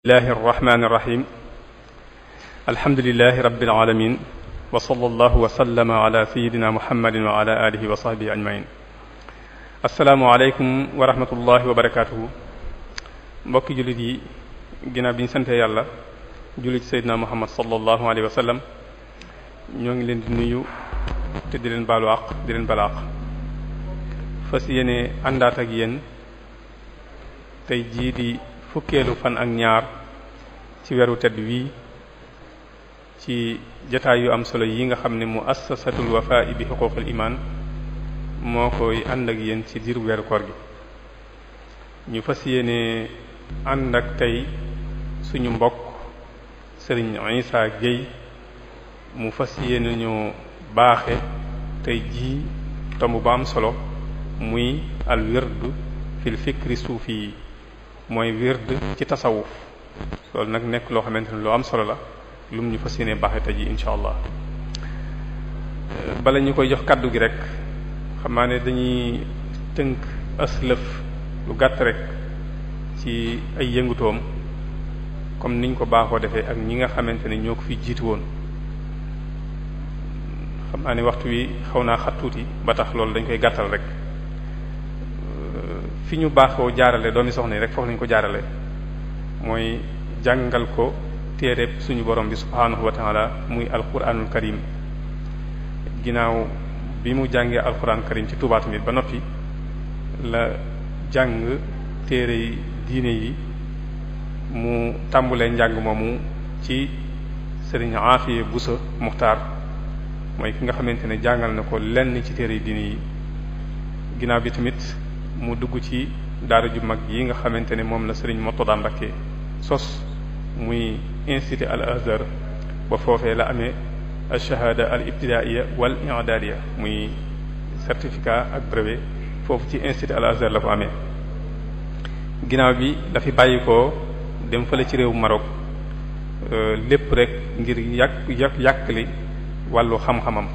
bismillahi arrahmani irrahim alhamdulilahi rabilalamin wa sala allahu wasallama ala seyidina muhammadin wa ala alihi wa sahbihi ajmain asalaamu aleykum wa rahmatullahi wa barakatuhu mbokki jullit yi ginnaaw bi ñu sante yàlla jullit seydina muhammad sala allahu aleyhi wa sallam ñoo ngi leen di nuyu te di leen baalu àq di leen balaaq fas yéene àndaat ak yéen tey jii di fukkeelu fan ak ñaar ci weeru tedd wii ci jataay yu am solo yi nga xam ne mu assasatul wafa'i bi xuquqil iman moo koy ànd ak yéen ci diir weeru kor gi ñu fas yéene ànd ak tey suñu mbokk sëriñ Issa Gueye mu fas yéene ñu baaxe tey jii tomb ba am solo muy al wirdu fil fikri suufi yi mooy wird ci tasawuf loolu nag nekk loo xamante ne lu am solo la lu mu ñu fas yéene baaxee tey jii incha allah bala ñu koy jox kàddu gi rek xam naa ne dañuy tënk aslëf lu gàtt rek ci ay yëngutoom comme niñ ko baaxoo defee ak ñi nga xamante ne ñoo ko fi jiitu woon xam naa ne waxtu wi xaw naa xat tuuti ba tax loolu dañ koy gàttal rek. fi ñu baaxoo jaarale doomi soxna yi rek foofu lañu ko jaarale mooy jàngal ko téere suñu borom bi subhaanahu wa taala muy alquranul karim ginnaaw bi mu jàngee alquran karim ci Tuubaa tamit ba noppi la jàng téere yi diine yi mu tàmbulee njàng moomu ci sëriñ Aafiye Busa Muxtaar mooy ki nga xamante ne jàngal na ko lenn ci téere yi diine yi ginnaaw bi tamit mu dugg ci daara ju mag yi nga xamante ni moom la sëriñ Motoda Mbakke sos muy institut al azhar ba foofee la amee al shahada al ibtidaiya wal i'dadiya muy certificat ak brevet foofu ci institut al azhar la ko amee ginaaw bi dafi bàyyi ko dem fële ci réew Maroc euh, lépp rek ngir yàq yàq yàqli wàllu xam-xamam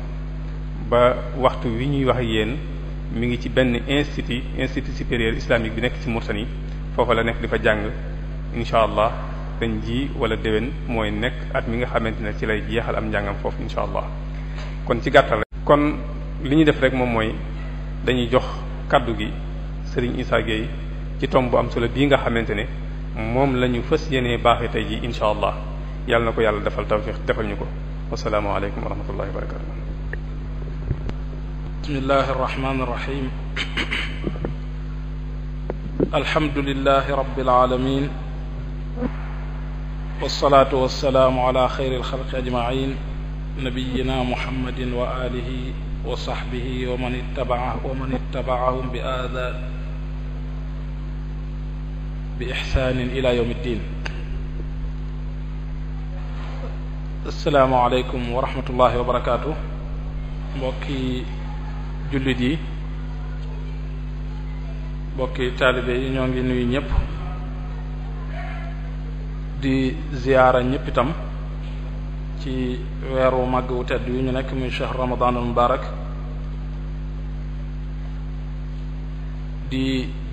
ba waxtu wi ñuy wax ak yéen mi ngi ci benn institut institut supérieur islamique bi nekk ci Mauritanie foofa la nekk di fa jàng incha allah dañ ji wala déwén mooy nekk at mi nga xamante ne ci lay jeexal am njàngam foofu incha allah kon ci gàttal rek. kon li ñu def rek moom mooy dañuy jox kaddu gi Serigne Issa Gueye ci tomb bu am solo bii nga xamante ne moom la ñu fës yéenee baaxee tey jii incha allah yàlla na ko yàlla defal tawfiq defal ñu ko wasalaamaaleykum wa rahmatullahi wa barakatuh bismillahi irrahmani irrahim alhamdulilahi rabbil alamin wasalaatu wasalaamu ala xayri alxalqi ajmain nabiyina muhammadin wa alihi wa sahbihi wa man ittabaah wa man ittabaahum bi aadaan bi ixsaanin ila yawm iddin assalaamu aleykum wa rahmatullahi wa barakaatu mbokki jullit yi bokki taalibe yi ñoo ngi nuyu ñëpp di ziyaara ñëpp ci weeru màgg wu tedd wi ñu nekk muy shahr ramadanul mubarak di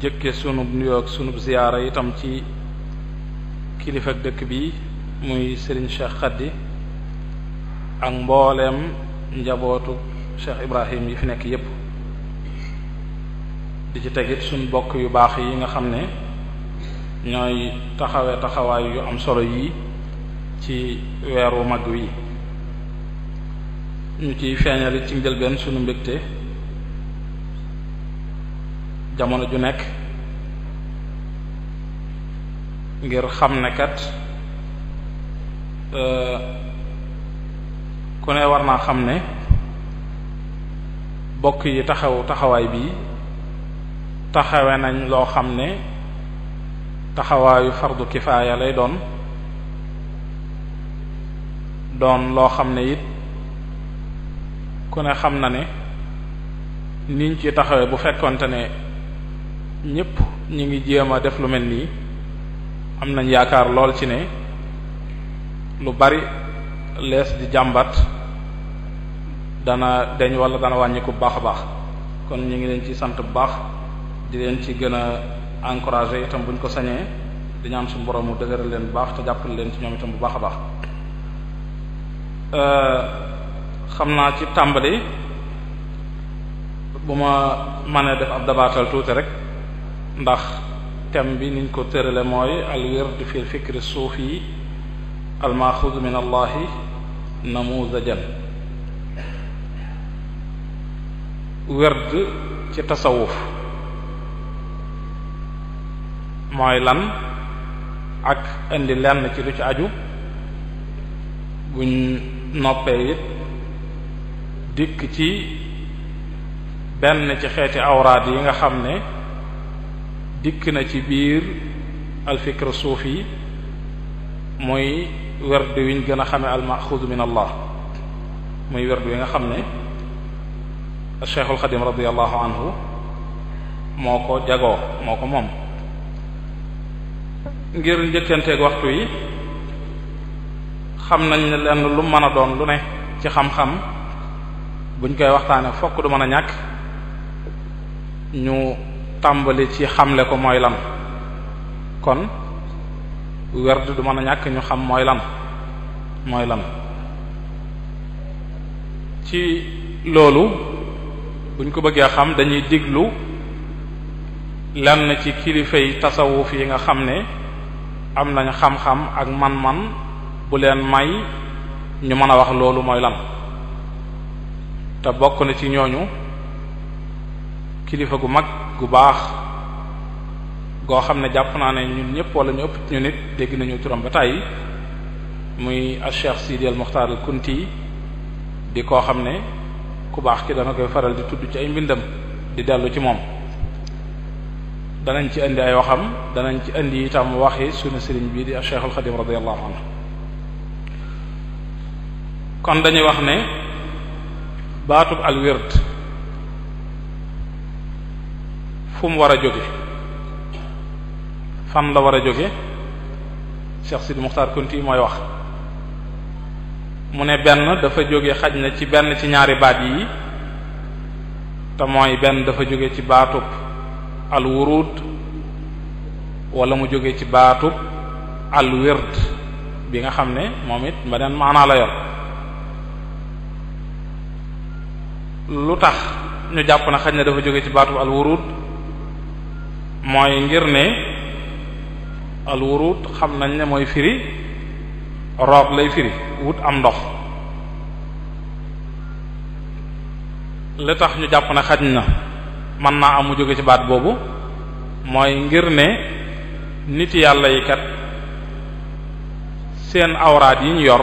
jëkke sunub nuyoo ak sunub ziyaara itam ci kilifa dëkk bi muy Serigne Cheikh Khady ak mbooleem njabootu Cheikh Ibrahim yi fi nekk yépp di ci tegit suñ bokk yu baax yi nga xam ne ñooy taxawee taxawaay yu am solo yii ci weeru mag wi ñu ciy feeñali ci njëlbeen suñu mbégte jamono ju nekk ngir xam ne kat euh, ku ne war naa xam ne bokk yi taxaw taxawaay bii taxawe nañ loo xam ne taxawaayu fardu kifaaya lay doon doon loo xam ne it ku ne xam na ne niñ ci taxawe bu fekkonte ne ñépp ñu ngi jéem a def lu mel nii am nañ yaakaar lool ci ne lu bari lees di jàmbat dana deñ wala dana wàññiku bu baax a baax kon ñu ngi leen ci sant bu baax di leen ci gën a encourager itam buñ ko sañee di ñaan suñu borom mu dëgëral leen bu baax te jàppale leen ci ñoom itam bu baax a baax euh, xam naa ci tàmbali bu ma mënee def ab dabaatal tuuti rek ndax thème bi niñ ko tërale mooy al wird fi fikri suufi al maxuud min allahi namuzajan wird ci tasawuf mooy lan ak indi lenn ci lu ci aju buñ noppee it dikk ci benn ci xeeti awraad yi nga xam ne dikk na ci biir alfikr suufi muy werd wiñ gën a xame almaxuud min allah muy werd wi nga xam ne Cheikhul Xadim radiyallahu anhu moo ko jagoo moo ko moom ngir njëkkanteeg waxtu yi xam nañ ne lenn lu mën a doon lu ne ci xam-xam buñ koy waxtaanee fokk du mën a ñàkk ñu tàmbali ci xamle ko mooy lan kon werd du mën a ñàkk ñu xam mooy lan mooy lan ci loolu buñ ko bëggee xam dañuy diglu lenn ci kilifa yi tasawuf yi nga xam ne am nañ xam-xam ak man-man bu leen may ñu mën a wax loolu mooy lan te bokk na ci ñooñu kilifa gu mag gu baax goo xam ne jàpp naa ne ñun ñëpp wala ñu ëpp ñu nit dégg nañu turam ba tàyyi muy al Cheikh Sidi al Kunti di koo xam ne ku baax ki dana koy faral di tudd ci ay mbindam di dellu ci moom danañ ci indi ay waxam danañ ci indi itam waxi sunu sëriñ bii di Cheikh al Xadim radiyallahu anhu kon dañuy wax ne baatub al wird fu mu war a jóge fan la war a jóge Cheikh Sidi Muxtaar Kunti mooy wax mu ne benn dafa jóge xaj na ci benn ci ñaari baat yi te mooy benn dafa jóge ci baatub alwurud wala mu jóge ci baatub alwird bi nga xam ne moom it beneen maanaa la yor lu tax ñu jàpp na xaj na dafa jóge ci baatub alwurud mooy ngir ne alwurud xam nañ ne mooy firi roob lay firi wut am ndox li tax ñu jàpp na xaj na mën naa am jóge ci baat boobu mooy ngir ne nit yàlla yi kat seen awraat yi yor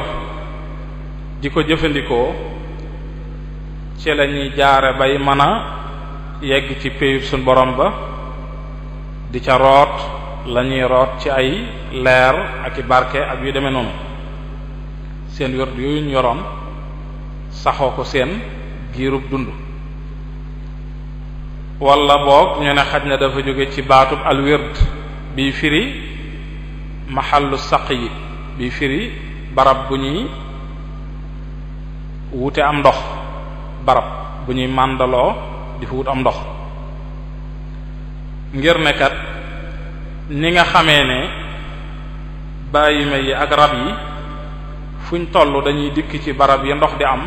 di ko jëfandikoo ci lañuy jaare bay mën yegg ci péyub suñ borom ba di ca root lañuy root ci ay leer ak i barke ak yu demee noonu seen wird yuñ yoroon saxoo ko seen giirub dund walla boog ñu ne xaj na dafa jóge ci baatub alwird bi firi maxallu saq yi bi firi barab bu ñuy wute am ndox barab bu ñuy màndaloo di fa wut am ndox ngir ne ni nga xamee ne bàyyima yi ak rab yi fuñ tollu dañuy dikk ci barab yi ndox di am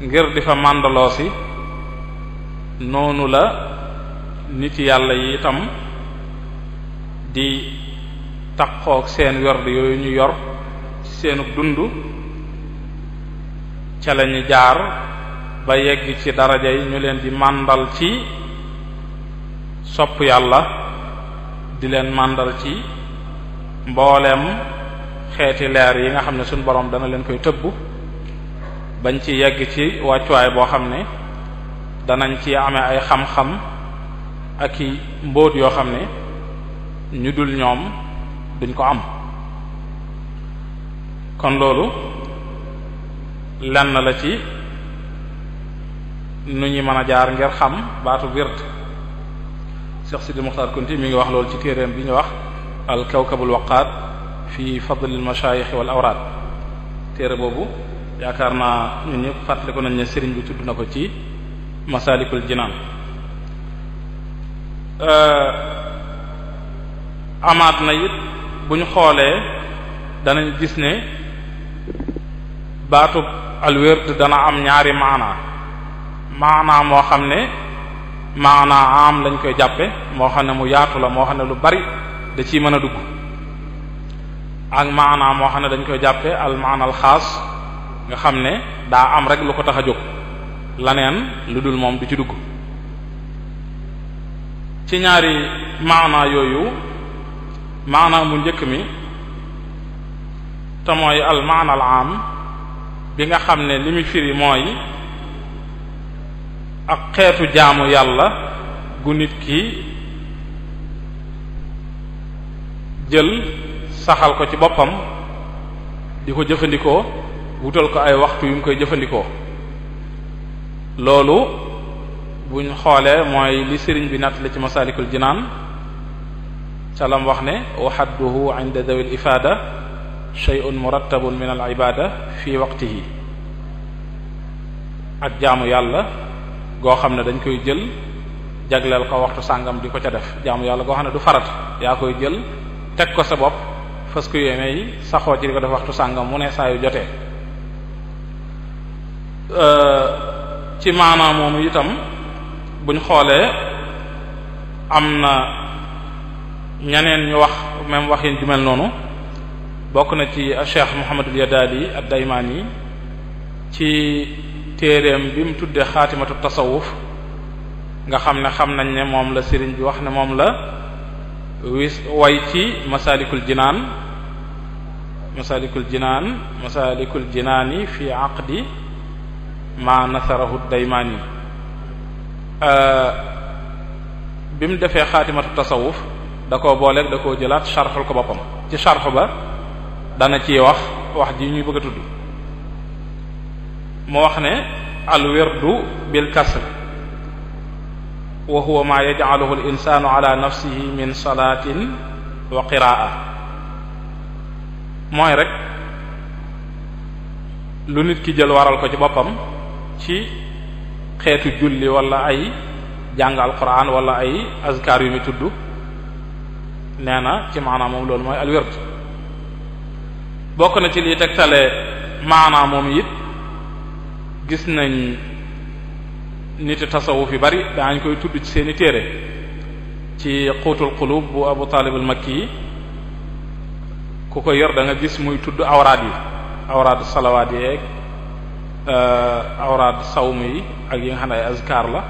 ngir di fa màndaloo si noonu la nit yàlla yi itam di taqoog seen werd yooyu ñu yor ci seenu dund ca lañu jaar ba yegg ci daraja yi ñu leen di màndal ci sopp yàlla di leen màndal ci mbooleem xeeti leer yi nga xam ne suñu boroom dana leen koy tëbb bañ ci yegg ci wàccuwaay boo xam ne danañ ci amee ay xam-xam ak i mbóot yoo xam ne ñu dul ñoom duñ ko am kon loolu lenn la ci nu ñuy mën a jaar ngir xam baatu wird Cheikh Sidi Muxtaar Kunti mi ngi wax loolu ci téeréem bi ñu wax al kawkabul waqaat fi fadlil mashayikh wal awraad téere boobu yaakaar naa ñun ñëpp fàttaliku nañ ne sëriñ bi tudd na ko ci masaalikul jinaan euh, amaat na it bu ñu xoolee danañ gis ne baatub alwérd dana am ñaari maanaa maanaa moo xam ne maanaa am lañ koy jàppe moo xam ne mu yaatu la moo xam ne lu bari da ciy mën a dugg ak maanaa moo xam ne dañ koy jàppe al xaas nga xam ne daa am rek lu ko tax a jóg laneen lu dul moom du ci dugg ci ñaari maanaa yooyu maanaa mu njëkk mi te mooy al maana al am bi nga xam ne li mu mooy ak xeetu jaamu yàlla gu nit ki jël saxal ko ci boppam di ko jëfandikoo wutal ko ay waxtu yu mu koy jëfandikoo loolu buñ xoolee mooy li sëriñ bi natt la ci masalikul jinaan calam wax ne wa xadduhu inda dawil ifaada shay'un murattabun min al ibada fi waqtihi ak jaamu yàlla goo xam ne dañ koy jël jagleel ko waxtu sàngam di ko ca def jaamu yàlla goo xam ne du farat yaa koy jël teg ko sa bopp fas ko yéene saxoo ci di ko def waxtu sàngam mu ne saa yu jotee euh, ci maanaa moomu itam buñ xoolee am na ñeneen ñu wax même waxin ju mel noonu bokk na ci Cheikh Muhammadul Yadaali ad-Daymaani ci téereem bi mu tuddee xaatimatu tasawuf nga xam ne xam nañ ne moom la sëriñ bi wax ne moom la wis way ci masalikul jinaan masalikul jinaan masalikul jinaani fi aqdi ma nasarahu daymaani euh, bi mu defee xaatimatu tasawuf da ko booleeg da koo jëlaat sharxul ko boppam ci sharx ba dana ci wax wax ji ñuy bëgg a tudd mu wax ne al wirdu bil kasr wa huwa ma yaj'aluhu al insanu ala nafsihi min salatin wa qiraa mooy rek lu nit ki jël waral ko ci boppam ci xeetu julli wala ay jàng alquran wala ay azkar yu mi tudd nee na ci maanaam moom loolu mooy alwérd bokk na ci lii tegtale maanaam moom it gis nañ niti tasawuf yu bari daañ koy tudd ci seeni téere ci xuutul xulub bu abu taalib al makki yi ku ko yor da gis muy tudd awraad yi awraadu salawaat yeeg Euh, awraad sawm yi ak yi nga xam ne ay azkar la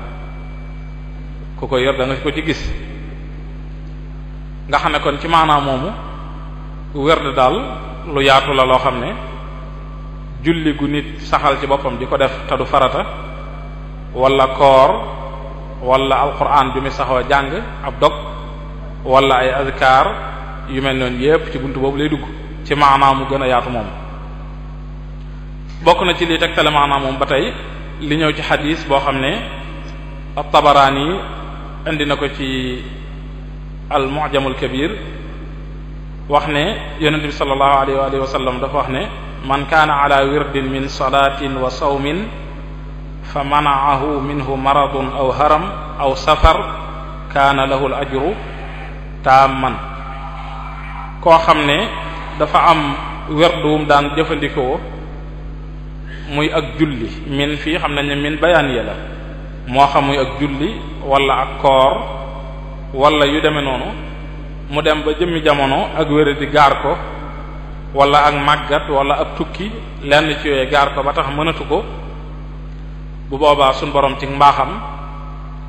ku ko yor da nga ko ci gis nga xam ne kon ci maanaam moomu werd daal lu yaatu la loo xam ne julli gu nit saxal ci boppam di ko def te du farata wala koor wala alquran ju mi saxoo jàng ab dog walla ay azkar yu mel noonu yépp ci bunt boobu lay dugg ci maanaamu gën a yaatu moom bokk na ci lii tegtale maanaam moom ba tey li ñëw ci xadis boo xam ne at-Tabarani indi na ko ci al-Mu'jamul Kabir wax ne yonent bi sallallahu alayhi wa dafa wax ne man kaana ala wirdin min salatin wa sawmin fa mana'ahu minhu maradun aw haram aw safar kaana lahu al-ajru koo xam ne dafa am wirdu daan jëfandikoo muy ak julli min fii xam nañ ne min bayaan ya la moo xam muy ak julli walla ak koor walla yu demee noonu mu dem ba jëmmi jamono ak wéra gaar ko wala ak màggat wala ak tukki lenn ci yooyu gaar ko ba tax mënatu ko bu boobaa suñ borom ci mbaaxam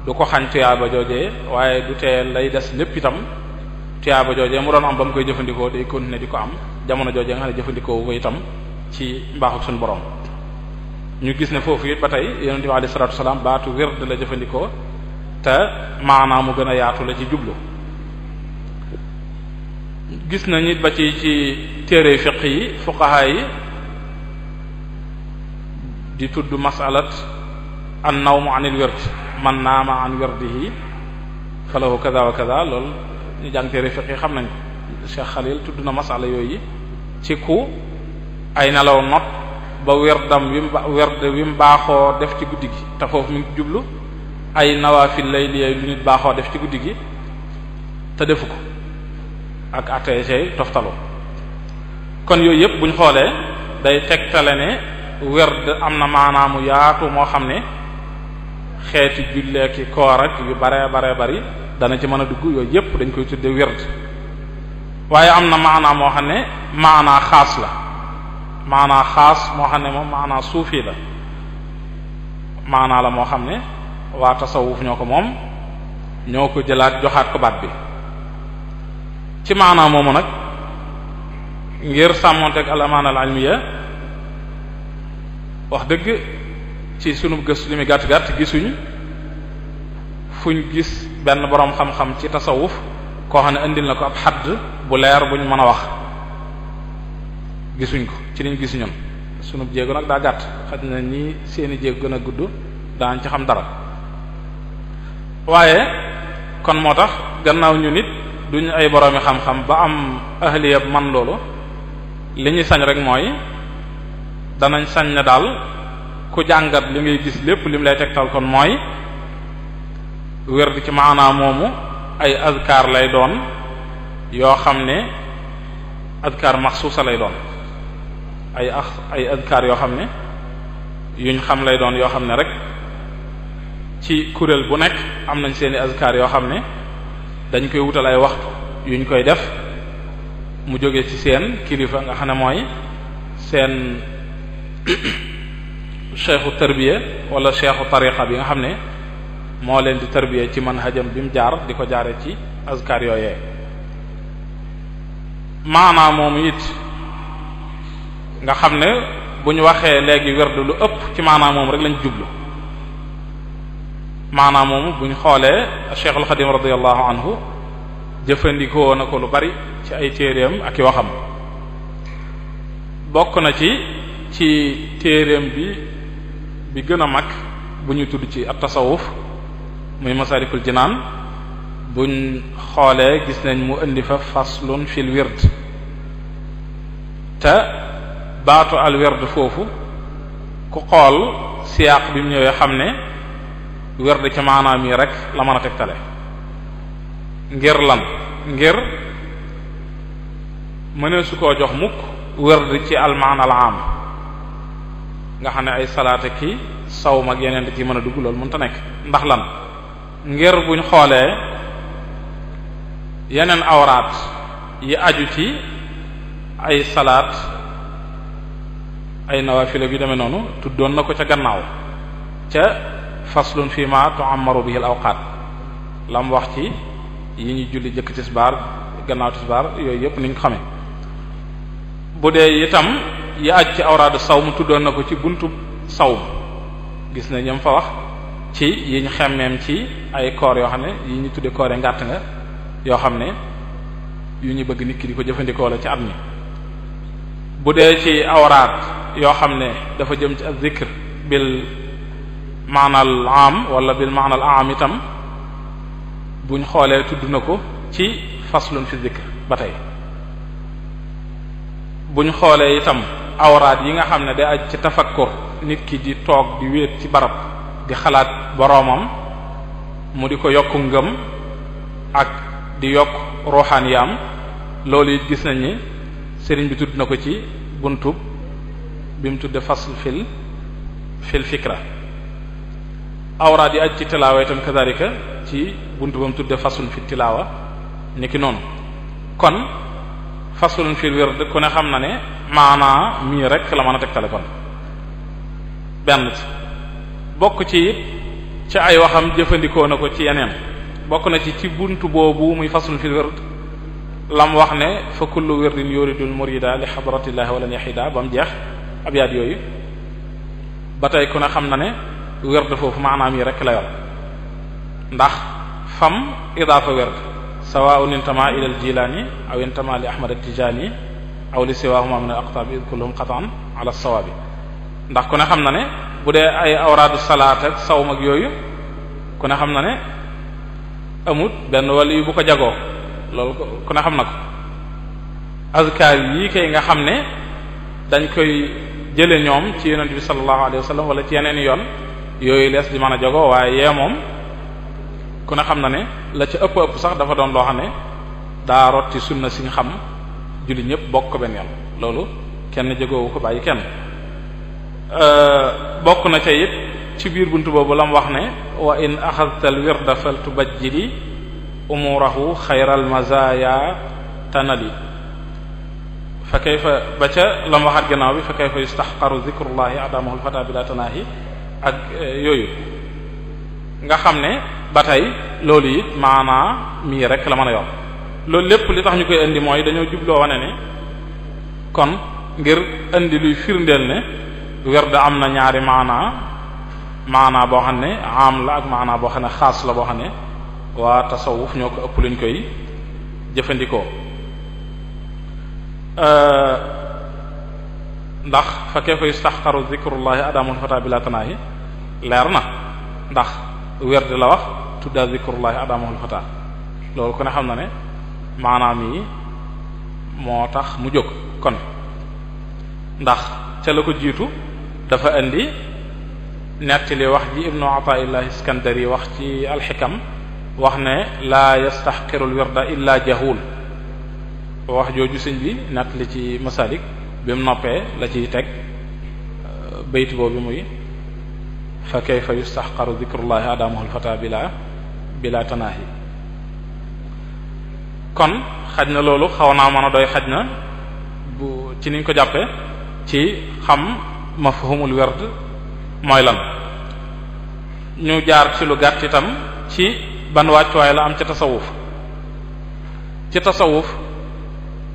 du ko xañ tuyaaba joojee waaye du tee lay des lépp itam tuyaaba joojee mu doon am ba mu koy jëfandikoo day continuer di ko am jamono joojee nga xam ne jëfandikoo ko itam ci mbaaxu suñ borom ñu gis ne foofu it ba tey yonente bi alayhi baatu wird la jëfandikoo te maanaam mu gën a yaatu la ci jublu gis na nit ba ci ci téere fiq yi fuqaha yi di tudd masalat an nawmu anil wird man naama an wirdihi falahu kaza wa kaza loolu ñu jàng téere fiq yi xam nañ ko Cheikh Khalil tudd na masala yooyu ci ku ay nelaw not ba werdam wi mu werd wi mu baaxoo def ci guddi gi te foofu mi jublu ay nawaafil lay liyee lu nit baaxoo def ci guddi gi te defu ko ak atg toftalu kon yooyu yëpp buñ xoolee day tegtale ne werd am na maanaamu yaatu moo xam ne xeeti julleeki koor yu bare bare bari dana ci mën a dugg yooyu yëpp dañ koy tudde werd waaye am na maanaam moo xam ne maanaa xaas la maanaa xaas moo xam ne moom maanaa suufi la maanaa la moo xam ne waa tasawuf ñoo ko moom ñoo ko jëlaat joxaat ko baat bi ci maanaa moomu nag ngir sàmmonteeg al amaana wax dëgg ci sunu gëstu li gàtt gàtt gisuñ fuñ gis benn boroom xam-xam ci tasawuf koo xam ne indil na ko ab xadd bu leer bu ñu mën a wax gisuñ ko ci liñ gis ñun sunu jéego nag daa gàtt xaj na ñi seeni jéego gën a gudd daan ci xam dara waaye kon moo tax gannaaw ñu nit duñ ay boroomi xam-xam ba am ahliya man loolu li ñu sañ rek mooy danañ sañ ne daal ku jàngat li ngay gis lépp lim lay tegtal kon mooy wérd ci maanaa moomu ay azkar lay doon yoo xam ne azkar maxsuusa lay doon ay ax ay adkaar yoo xam ne yuñ xam lay doon yoo xam ne rek ci kuréel bu nekk am nañ seeni azkar yoo xam ne dañ koy wutal ay waxtu ñu koy def mu jóge ci seen kilifa nga xam ne mooy seen cheikhu tarbiya wala cheikhu tariqa bi nga xam ne moo leen di tarbiya ci manhajam bi mu jaar di ko jaaree ci azkar yooyee maanaa moomu it nga xam ne bu ñu waxee léegi werdu lu ëpp ci maanaam moom rek lañ jublu maanaam moom bu xoolee Cheikhul Xadim radiyallahu anhu jëfandikoo na ko lu bari ci ay téereem ak i waxam bokk na ci ci téereem bi bi gën a mag bu ñu tudd ci at-tasawuf muy Masaalikul Jinaan buñ xoolee gis nañ mu indi fa faslun fil wird te baatu al werd foofu ku xool siyaaq bi ñëwee xam ne werd ci maanaam yi rek la mën a tegtale ngir lan ngir mënee su koo jox mukk werd ci almaana al nga xam ne ay salaata ki saw mag yeneen da ci mën a dugg loolu mënta nekk ndax lan ngir buñ xoolee yeneen awraat yi aju ci ay salaat ay nawa nawaafila bi demee noonu tuddoon na ko ca gannaaw ca faslun fii ma tu'ammaru bihi al-awqaat la mu wax ci yi ñuy julli jëkk tisbaar gannaaw tisbaar yooyu yëpp ni nga xamee bu dee itam yi aj ci awraadu sawm tuddoon na ko ci buntu saw gis na ñam fa wax ci yi ñu xemmeem ci ay koor yoo xam ne yi ñu tudde koore ngàtt nga yoo xam ne yu ñu bëgg nit ki di ko jëfandikoo la ci at mi bu dee ci awraat yoo xam ne dafa jëm ci az-zikr bil maanaal am walla bil maanaal am itam buñ xoolee tudd na ko ci faslun fi zikr ba tey buñ xoolee itam awraat yi nga xam ne day aj ci tafakkur nit ki di toog di wéet ci barab di xalaat boroomam mu di ko yokk ngëm ak di yokk ruuxaan yaam loolu it gis nañ sëriñ bi tudd na ko ci buntu bi mu tudde fasl fil fil fikra awraad yi aj ci tilaawa itam kadalika ci buntu ba mu tudde faslun fi tilaawa ni ki noonu kon faslun fil wird ku ne xam na ne maanaa mii rek la mën a tegtale kon benn ci bokk ci it ci ay waxam jëfandikoo na ko ci yeneen bokk na ci ci bunt boobu muy faslun fil wird lam wax ne fa kullu wirdin yuridul murida li xadratillahi wala yaxida ba mu jeex abyaat yooyu ba tey ku ne xam na ne werd foofu maanaam yi rek la ndax fam idaafa werd sawaa'un intama ila al aw intama li ahmad at-tijani aw li siwahuma min al-aqtab id kulluhum ala as-sawabi ndax ku ne xam na ne bu dee ay awraadu salaat saw sawm yooyu ku ne xam na ne amut benn wàll yu bu ko jagoo loolu ku ne xam na ko azkar yii kay nga xam ne dañ koy jële ñoom ci yonent bi sallallahu alayhi wa sallam ci yeneen yoon yooyu lees di mën a jogo waaye yee moom ku ne xam na ne la ci ëpp ëpp sax dafa doon loo ne daa rot ci sunna siñ xam julli ñëpp bokk benn yoon loolu kenn jegoowu ko bàyyi kenn euh, bokk na ca it ci biir bunt boobu la mu wax ne wa in axadta al wirda fal tubajjili umurahu xayral mazaya tanali fa kayfa ba ca lam waxaat gannaaw bi fa kayfa yustahqaru zikrullahi adamahu alfata bila tanahi ak e, yooyu nga xam ne ba tey loolu it maanaa mii rek la mën a yor loolu lépp li tax ñu koy indi mooy dañoo jubloo wane ne kon ngir indi luy firndeel ne werd am na ñaari maanaa maanaa boo xam ne am la ak maanaa boo xam ne xaas la boo xam ne waa tasawuf ñoo ko ëpp luñ koy jëfandikoo ndax fa kayfa yustaxqaru zikrullahi adamul fata bila tanaahi leer na ndax werd la wax tudda zikrullahi adamul fata loolu ko ne xam na ne maanaam yi moo tax mu jóg kon ndax ca la ko jiitu dafa indi nettali wax ji ibnu ataillahi iskandari wax ci alxikam wax ne laa yastaxqirul wirda illa jahul wax jooju sëñ bi nett li ci masalik bi noppee la ciy teg euh, bayt boobu muy fa kayfa yustaxqaru dikrullahi adamahul fata bila bila tanaahi kon xaj na loolu xaw naa mën a doy xaj na bu ci niñ ko jàppe ci xam mafhumul werd mooy lan ñu jaar ci lu gàtt itam ci ban wàccuwaay la am ci tasawuf ci tasawuf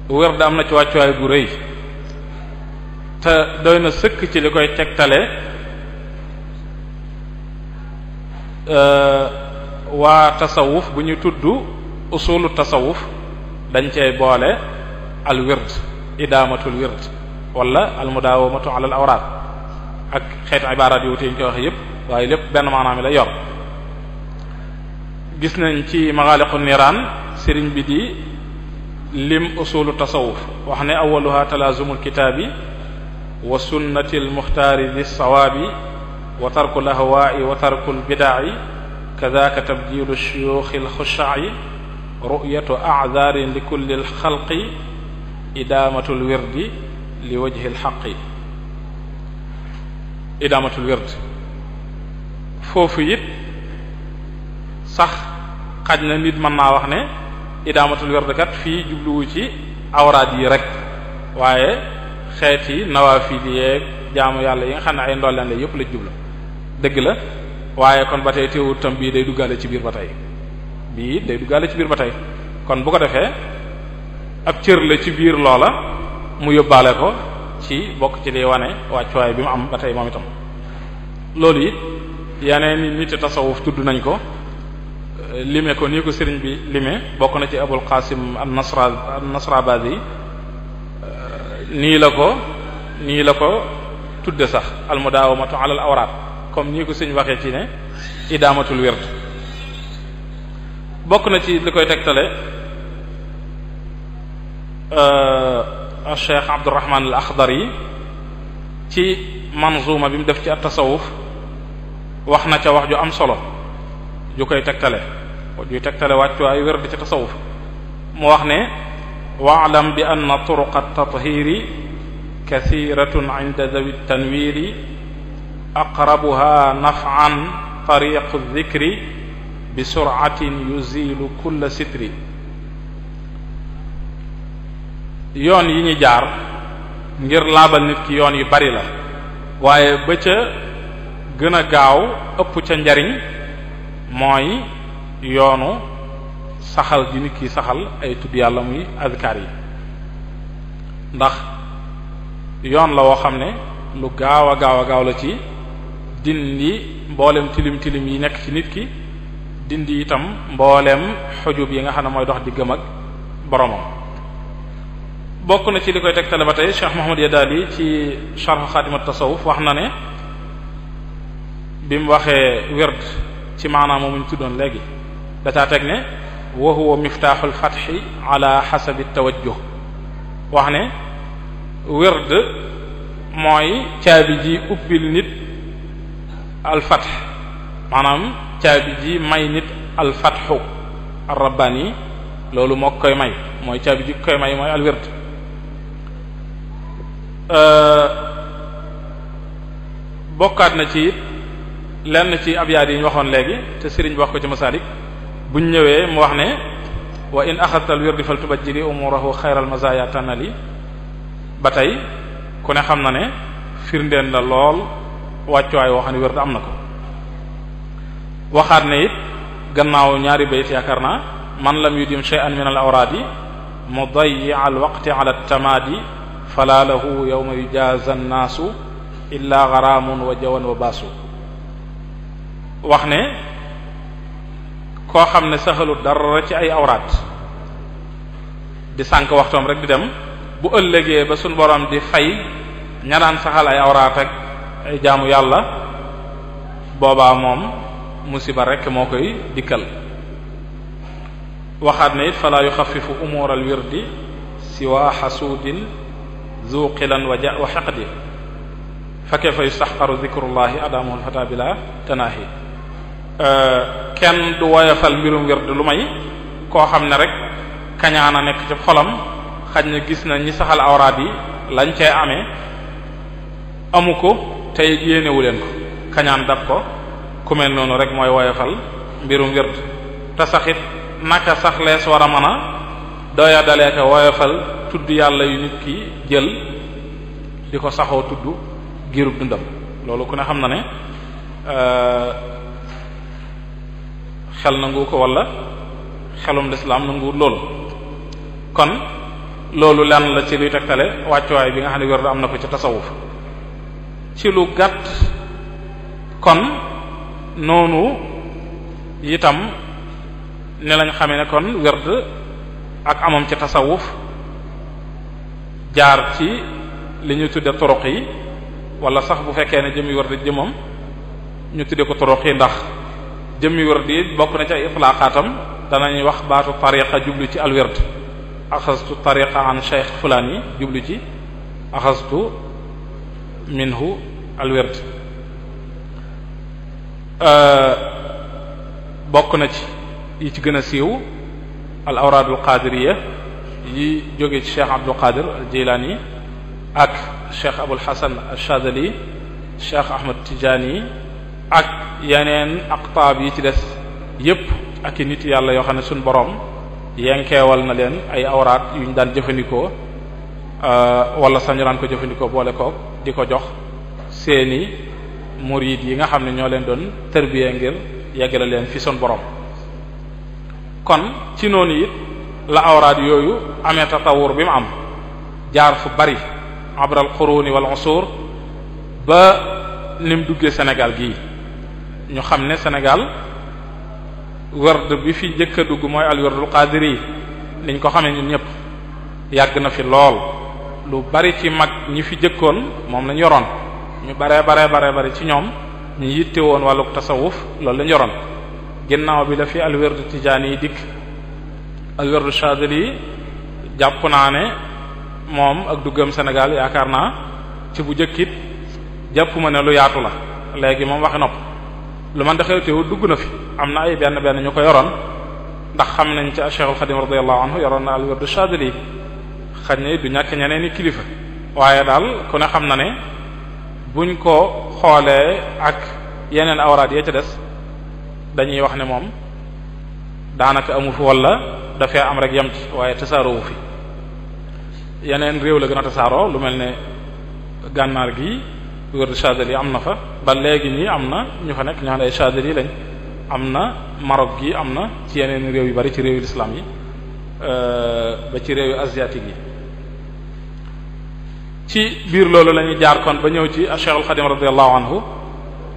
wird am na ci wàccuwaay bu rëy te doy na sëkk ci li koy tegtale euh, waa tasawuf bu ñu tudd usulu tasawuf dañ cee boole al wird idaamatul wird wala al mudaawamatu ala al awraad ak xeetu ibaaraat yu wuute yi ñu koy wax yépp waaye lépp benn maanaam la yor gis nañ ci maxaaliqu niraan sëriñ bi di lim usulu tasawuf wax ne awaluha talaazumul kitaabi wa sunnati almuxtaari di sawaabi wa tarku lahawaa'i wa tarku lbidaa'i kadaka tabdilu shuyuuxi alxushaa'i ru'yatu a'daarin li kulli alxalqi idaamatu lwirdi li wajhi alxaqi idaamatu lwirdi foofu it sax xaj na nit mën naa wax ne idaamatul werdkat fii jubluwu ci awraad yi rek waaye xeeti nawaafil yeeg jaamu yàlla yi nga xam ne ay ndolleen la yëpp la jubla dëgg la waaye kon ba tey teewul tam bii day duggaale ci biir ba tey bii day duggaale ci biir ba kon bu ko defee ab cër la ci biir loola mu yóbbaale ko ci bokk ci liy wane wàcc waay bi mu am ba tey moom itam loolu it yeneen nit tasawuf tudd nañ ko lime ko nii ko sëriñ bi lime bokk na ci abul qasim an nasra an nasrabadi euh, nii la ko nii la ko tudde sax al mudawamatu ala al awraat comme nii ko sëriñ waxee ci ne idaamatul wird bokk na ci li koy tegtale cheikh euh, abdurrahman al akhdari ci manzuma bi mu def ci at tasawuf wax na ca wax ju am solo ju koy tegtale juy tegtale wàccuwaay wérdi ci tasawuf mu wax ne waalam bi anna turuqa tathiri kathiratun inda dhawi tanwiri aqrabuha naf'an tariqu dhikri bi sur'atin yuzilu kulla sitri yoon yi ñu jaar ngir laabal nit ki yoon yi bari la waaye ba ca gën a gaaw ëpp ca njariñ mooy yoonu saxal gi nit ki saxal ay tudd yàlla muy azkar yi ndax yoon la woo xam ne lu gaaw a gaaw a gaaw la ci dindi mboolem tilim tilim yi nekk ci nit ki dindi itam mboolem xujub yi nga xam ne mooy dox diggam ak boromam bokk na ci li koy tegtale ba tey Cheikh Muhammad Yadaali ci sharh Xaatimat Tasawuf wax na ne bi waxee wird ci maanaam moomu ñu tuddoon léegi da caa teg ne wa huwa miftaaxul fatxi ala xasabi tawajjuh wax ne wird mooy caabi ji ubbil nit al fatx maanaam caabi ji may nit al fatxu ar rabbani loolu moo koy may mooy caabi ji koy may mooy al wird euh, bokkaat na ci it lenn ci abyaat yi ñu waxoon léegi te sëriñ bi wax ko ci masaalik bu ñu ñëwee mu wax ne wa in axadta al wirdi fal tubajjiri umurahu xayral mazaya tànnali ba tey ku ne xam na ne firndeen la lool wàccuwaay woo xam ne wird am na ko waxaat ne it gannaaw ñaari bayt yaakaar man lam yudim shay'an min al awraadi mudayyi al waqti ala tamaadi fala lahu yawma yujaza an naasu illa gharaamun wa jawan wa baasu wax ne koo xam ne saxalu dara ci ay awraat di sànq waxtoom rek di dem bu ëllëgee ba suñ borom di fay ña daan saxal ay awraat ak ay jaamu yàlla boobaa moom musiba rekk moo koy dikkal waxaat na it fala yuxafifu umuur al wirdi siwa xasuudin zu qilan wa ja fa kayfa yustahqaru dhikrullahi adamuhu al tanaahi Euh, kenn du woyofal mbirum wird lu may koo xam ne rek kañaana nekk ci xolam xaj na gis na ñi saxal awraad yi lañ cee amee amu ko tey yéenewu leen ko kañaan dab ko ku mel noonu rek mooy woyofal mbirum wird te saxit naka sax lees war a mën a doya dalee ko woyofal tudd yàlla yu nit ki jël di ko saxoo tudd giirub dundam loolu ku ne xam na ne euh, xel nangu ko wala xelum lislaam nanguwut loolu kon loolu lan la ci luy tegtale wàccuwaay bi nga xam ne wér am na ko ci tasawuf ci lu gàtt kon noonu itam ne lañ xamee ne kon werd ak amam ci tasawuf jaar ci li ñu tudde turuq yi walla sax bu fekkee ne jëmi werd jëmam ñu tudde ko turuq yi ndax jëmmi wird yi bokk na ci ay dana danañuy wax baatu tariqa jublu ci alwird axastu tariqa an cheikh fulaan yi jublu ci axastu minhu alwird euh, bokk na ci yi ci gën a siiw al awraadul yi jóge ci cheikh abdul qadir al jilani ak cheikh abul hasan al shadali cheikh ahmad tijaani ak yeneen aqtaab yi ci des yépp ak i nit yàlla yoo xam ne suñ boroom yenkeewal na leen ay awraat yuñ daan jëfandikoo euh, wala sañu daan ko jëfandikoo boole koog di ko jox seeni murid yi nga xam ne ñoo leen doon tërbiya ngir yeggale leen fi sun borom kon ci noonu it la awraad yooyu amee tatawur bi mu am jaar fu bari abral quruni wal usur ba nim duggee senegal gii ñu xam ne senegal werd bi fi jëkk a dugg mooy al werdul qadiri niñ ko xamee ñun ñëpp yàgg na fi lool lu bari ci mag ñi fi jëkkoon moom lañ yoroon ñu baree baree baree bari ci ñoom ñu yitte woon wàlluk tasawuf loolu lañ yoroon ginnaaw bi la fi al werdu tijaani yi dikk al werdu chadili yi jàpp naa ne moom ak duggam senegal yaakaar naa ci bu jëkkit jàpp ma ne lu yaatu la léegi moom waxi nopp lu man da xew teewu dugg na fi am na ay benn benn ñu ko yoroon ndax xam nañ ci Cheikhul Xadim radiyallahu anhu yoroon na al wirdu Chadili xaj na du ñàkk ñeneen i kilifa waaye daal ku ne xam na ne buñ ko xoolee ak yeneen awraad ya ci des dañuy wax ne moom daanaka amu fi wala dafee am rek yem ci waaye tasaaroowu fi yeneen réew la gën a tasaaroo lu mel ne gànnaar gi wërdu Chadili am na fa ba léegi nii am na ñu fa nekk ñu xam ne ay Chadili lañ am na Maroc gi am na ci yeneen réew yu bari ci réewu islam yi euh, ba ci réewu asiatique yi ci biir loolu lañu ñuy jaar kon ba ñëw ci Cheikh al Xadim radiyallahu anhu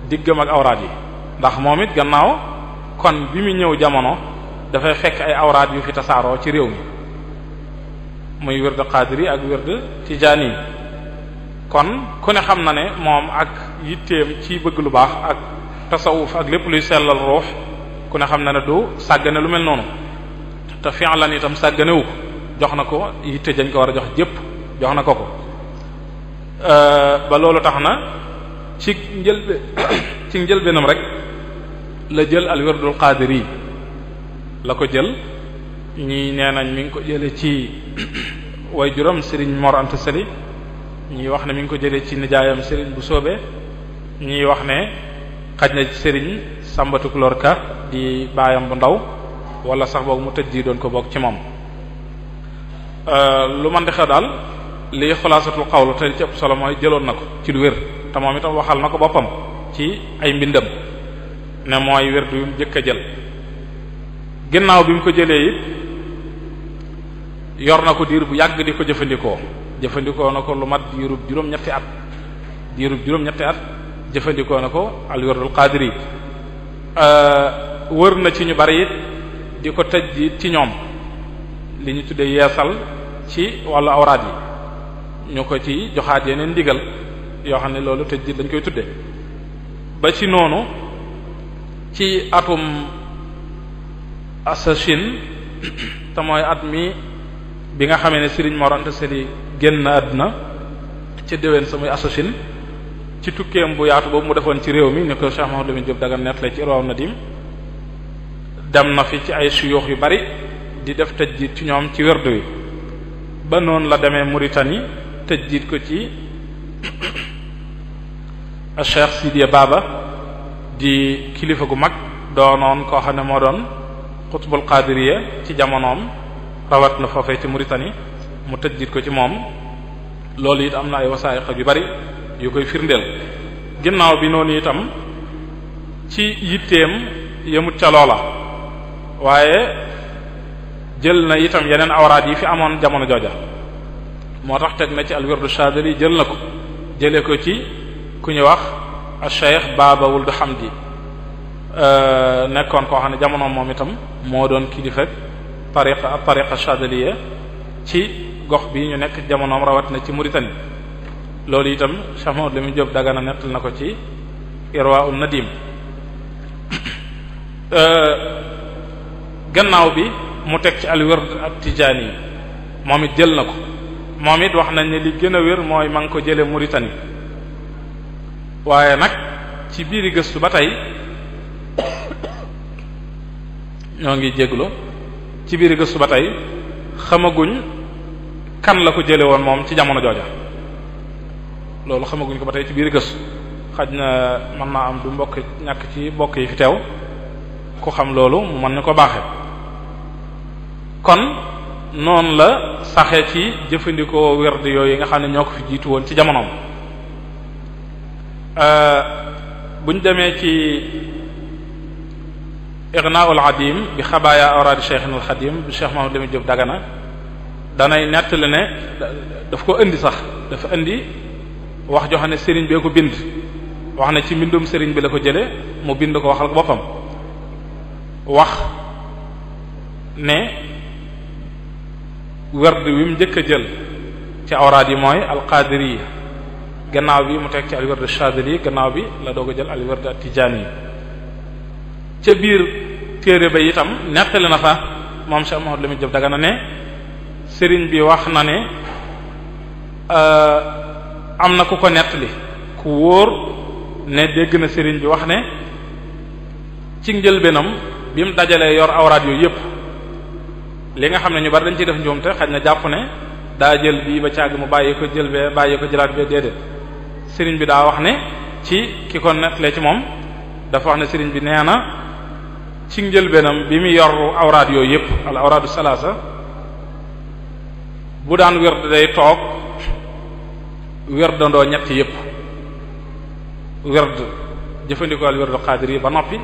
diggam ak awraat yi ndax moom it gannaaw kon bi mu ñëw jamono dafay fekk ay awraat yu fi tasaaroo ci réew mi muy wërdu Qadiri ak wërdu Tijaani kon ku ne xam na ne moom ak yitteem ci bëgg lu baax ak tasawuf ak lépp luy sellal ruux ku ne xam na ne du sàggane lu mel noonu te fi'lan itam sàgganewu jox na ko yitte dañ ko war a jox jépp jox na ko ko ba loolu tax na ci njëlbe ci njëlbeenam rek la jël al wirdul yi la ko jël ñii nee nañ mi ngi ko jële ci way juróom Serigne Mor Anta Sali ñii wax ne mi ngi ko jëlee ci nijaayam Serigne bu soobe ñuy wax ne xaj na Serigne Sàmbatuk ka di baayam bu ndaw walla sax boog mu tëj di doon ko bokk ci moom euh, lu man di xew daal lii xulaasatul lu te ci solo mooy jëloon na ko ci lu wér te moom itam waxal na ko boppam ci ay mbindam ne mooy wér du jëkk a jël ginnaaw bi mu ko jëlee it yor na ko diir bu yàgg di ko jëfandikoo jëfandikoo na ko lu mat diirub juróom-ñetti at diirub juróom-ñetti at jëfandikoo na ko al-wirdul qaadiri euh, wër na ci ñu bari it di ko tëj ci ñoom li ñu tuddee yeesal ci walla awraat yi ñu ko ci joxaat yeneen ndigal yoo xam ne loolu tëj lañ koy tudde ba ci noonu ci atum assassin te mooy at mi bi nga xamee ne Serigne Mor Anta Sali génn àdduna ca déwén samay assochine ci tukkeem bu yaatu boobu mu defoon ci réew mi ni ko Cheikh Mouhamadou Lamine Diop daga nettali ci Irwaaw Nadim dem na fi ci ay suyoox yu bari di def tëjjit ci ñoom ci werdu wi ba noonu la demee Mauritanie tëjjit ko ci Cheikh Sidiya Baba di kilifa gu mag doonoon koo xam ne moo doon xutbul qadiriyya ci jamonoom rawat na foofee ci Mauritanie mu tëjjit ko ci moom loolu it am na ay wasaayix yu bari yu koy firndeel ginnaaw bi noonu itam ci yitteem yemut ca loola waaye jël na itam yeneen awraad yi fi amoon jamono jooja moo tax teg na ci alwirdu shadili jël na ko jële ko ci ku ñu wax a cheikh baba wuldu hamdi nekkoon koo xam ne jamono moom itam moo doon kilifa tariqa ak tariqa chadaliya ci gox bi ñu nekk jamonoom rawat na ci Mauritanie loolu itam Cheikh Maodo li mu Jóob Dagana nettal na ko ci Irwaa'u Nadim euh, gannaaw bi mu teg ci al wird ak tijaani yi moom it jël na ko moom it wax nañ ne li gën a wér mooy ma ngi ko jële Mauritanie waaye nag ci biir i gëstu ba tey ñoo ngi jéglu ci biir gëstu ba tey xamaguñ kan la ko jële woon moom ci jamono jooja loolu xamaguñ ko ba tey ci biir gëstu xaj na man naa am du mbokk ñàkk ci mbokk yi fi teew ku xam loolu mu mën ñu ko baaxee kon noonu la saxee ci jëfandikoo werd yooyu nga xam ne ñoo ko fi jiitu woon ci jamonoom euh, buñ demee ci Ighna'ul Adim bi xabaaya awraadi Cheikhul Xadim bi Cheikh Mahamad Lamine Diop Dagana danay nettali ne daf ko indi sax dafa indi wax joo xam sëriñ bee ko bind wax ne ci mbindum sëriñ bi la ko jële mu bind ko waxal ko boppam wax ne werd wi mu njëkk a jël ci awraad yi mooy alqaadiri yi gannaaw bi mu teg ci al werd Shaadili yi gannaaw bi la doo ko jël al Tijaani ca biir téere ba itam nettali na fa moom Cheikh Mouhamadou Lamine daga na ne sëriñ bi wax na ne euh, am na ku ko nettali ku wóor ne dégg na sëriñ bi wax ne ci njëlbeenam bi mu dajalee yor awraat yooyu yépp li nga xam ne ñu bari dañ ci def njuumte xaj na jàpp ne daa jël bii ba càgg mu bàyyi ko jël bee bàyyi ko jëlaat bee déedéet sëriñ bi daa wax ne ci ki ko nettalee ci moom dafa wax ne sëriñ bi nee na ci njëlbeenam bi mu yor awraad yooyu yëpp al awraadu salaasa bu daan wird day toog wirdandoo ñett yëpp wird jëfandikoo al wirdu xaadir yi ba noppi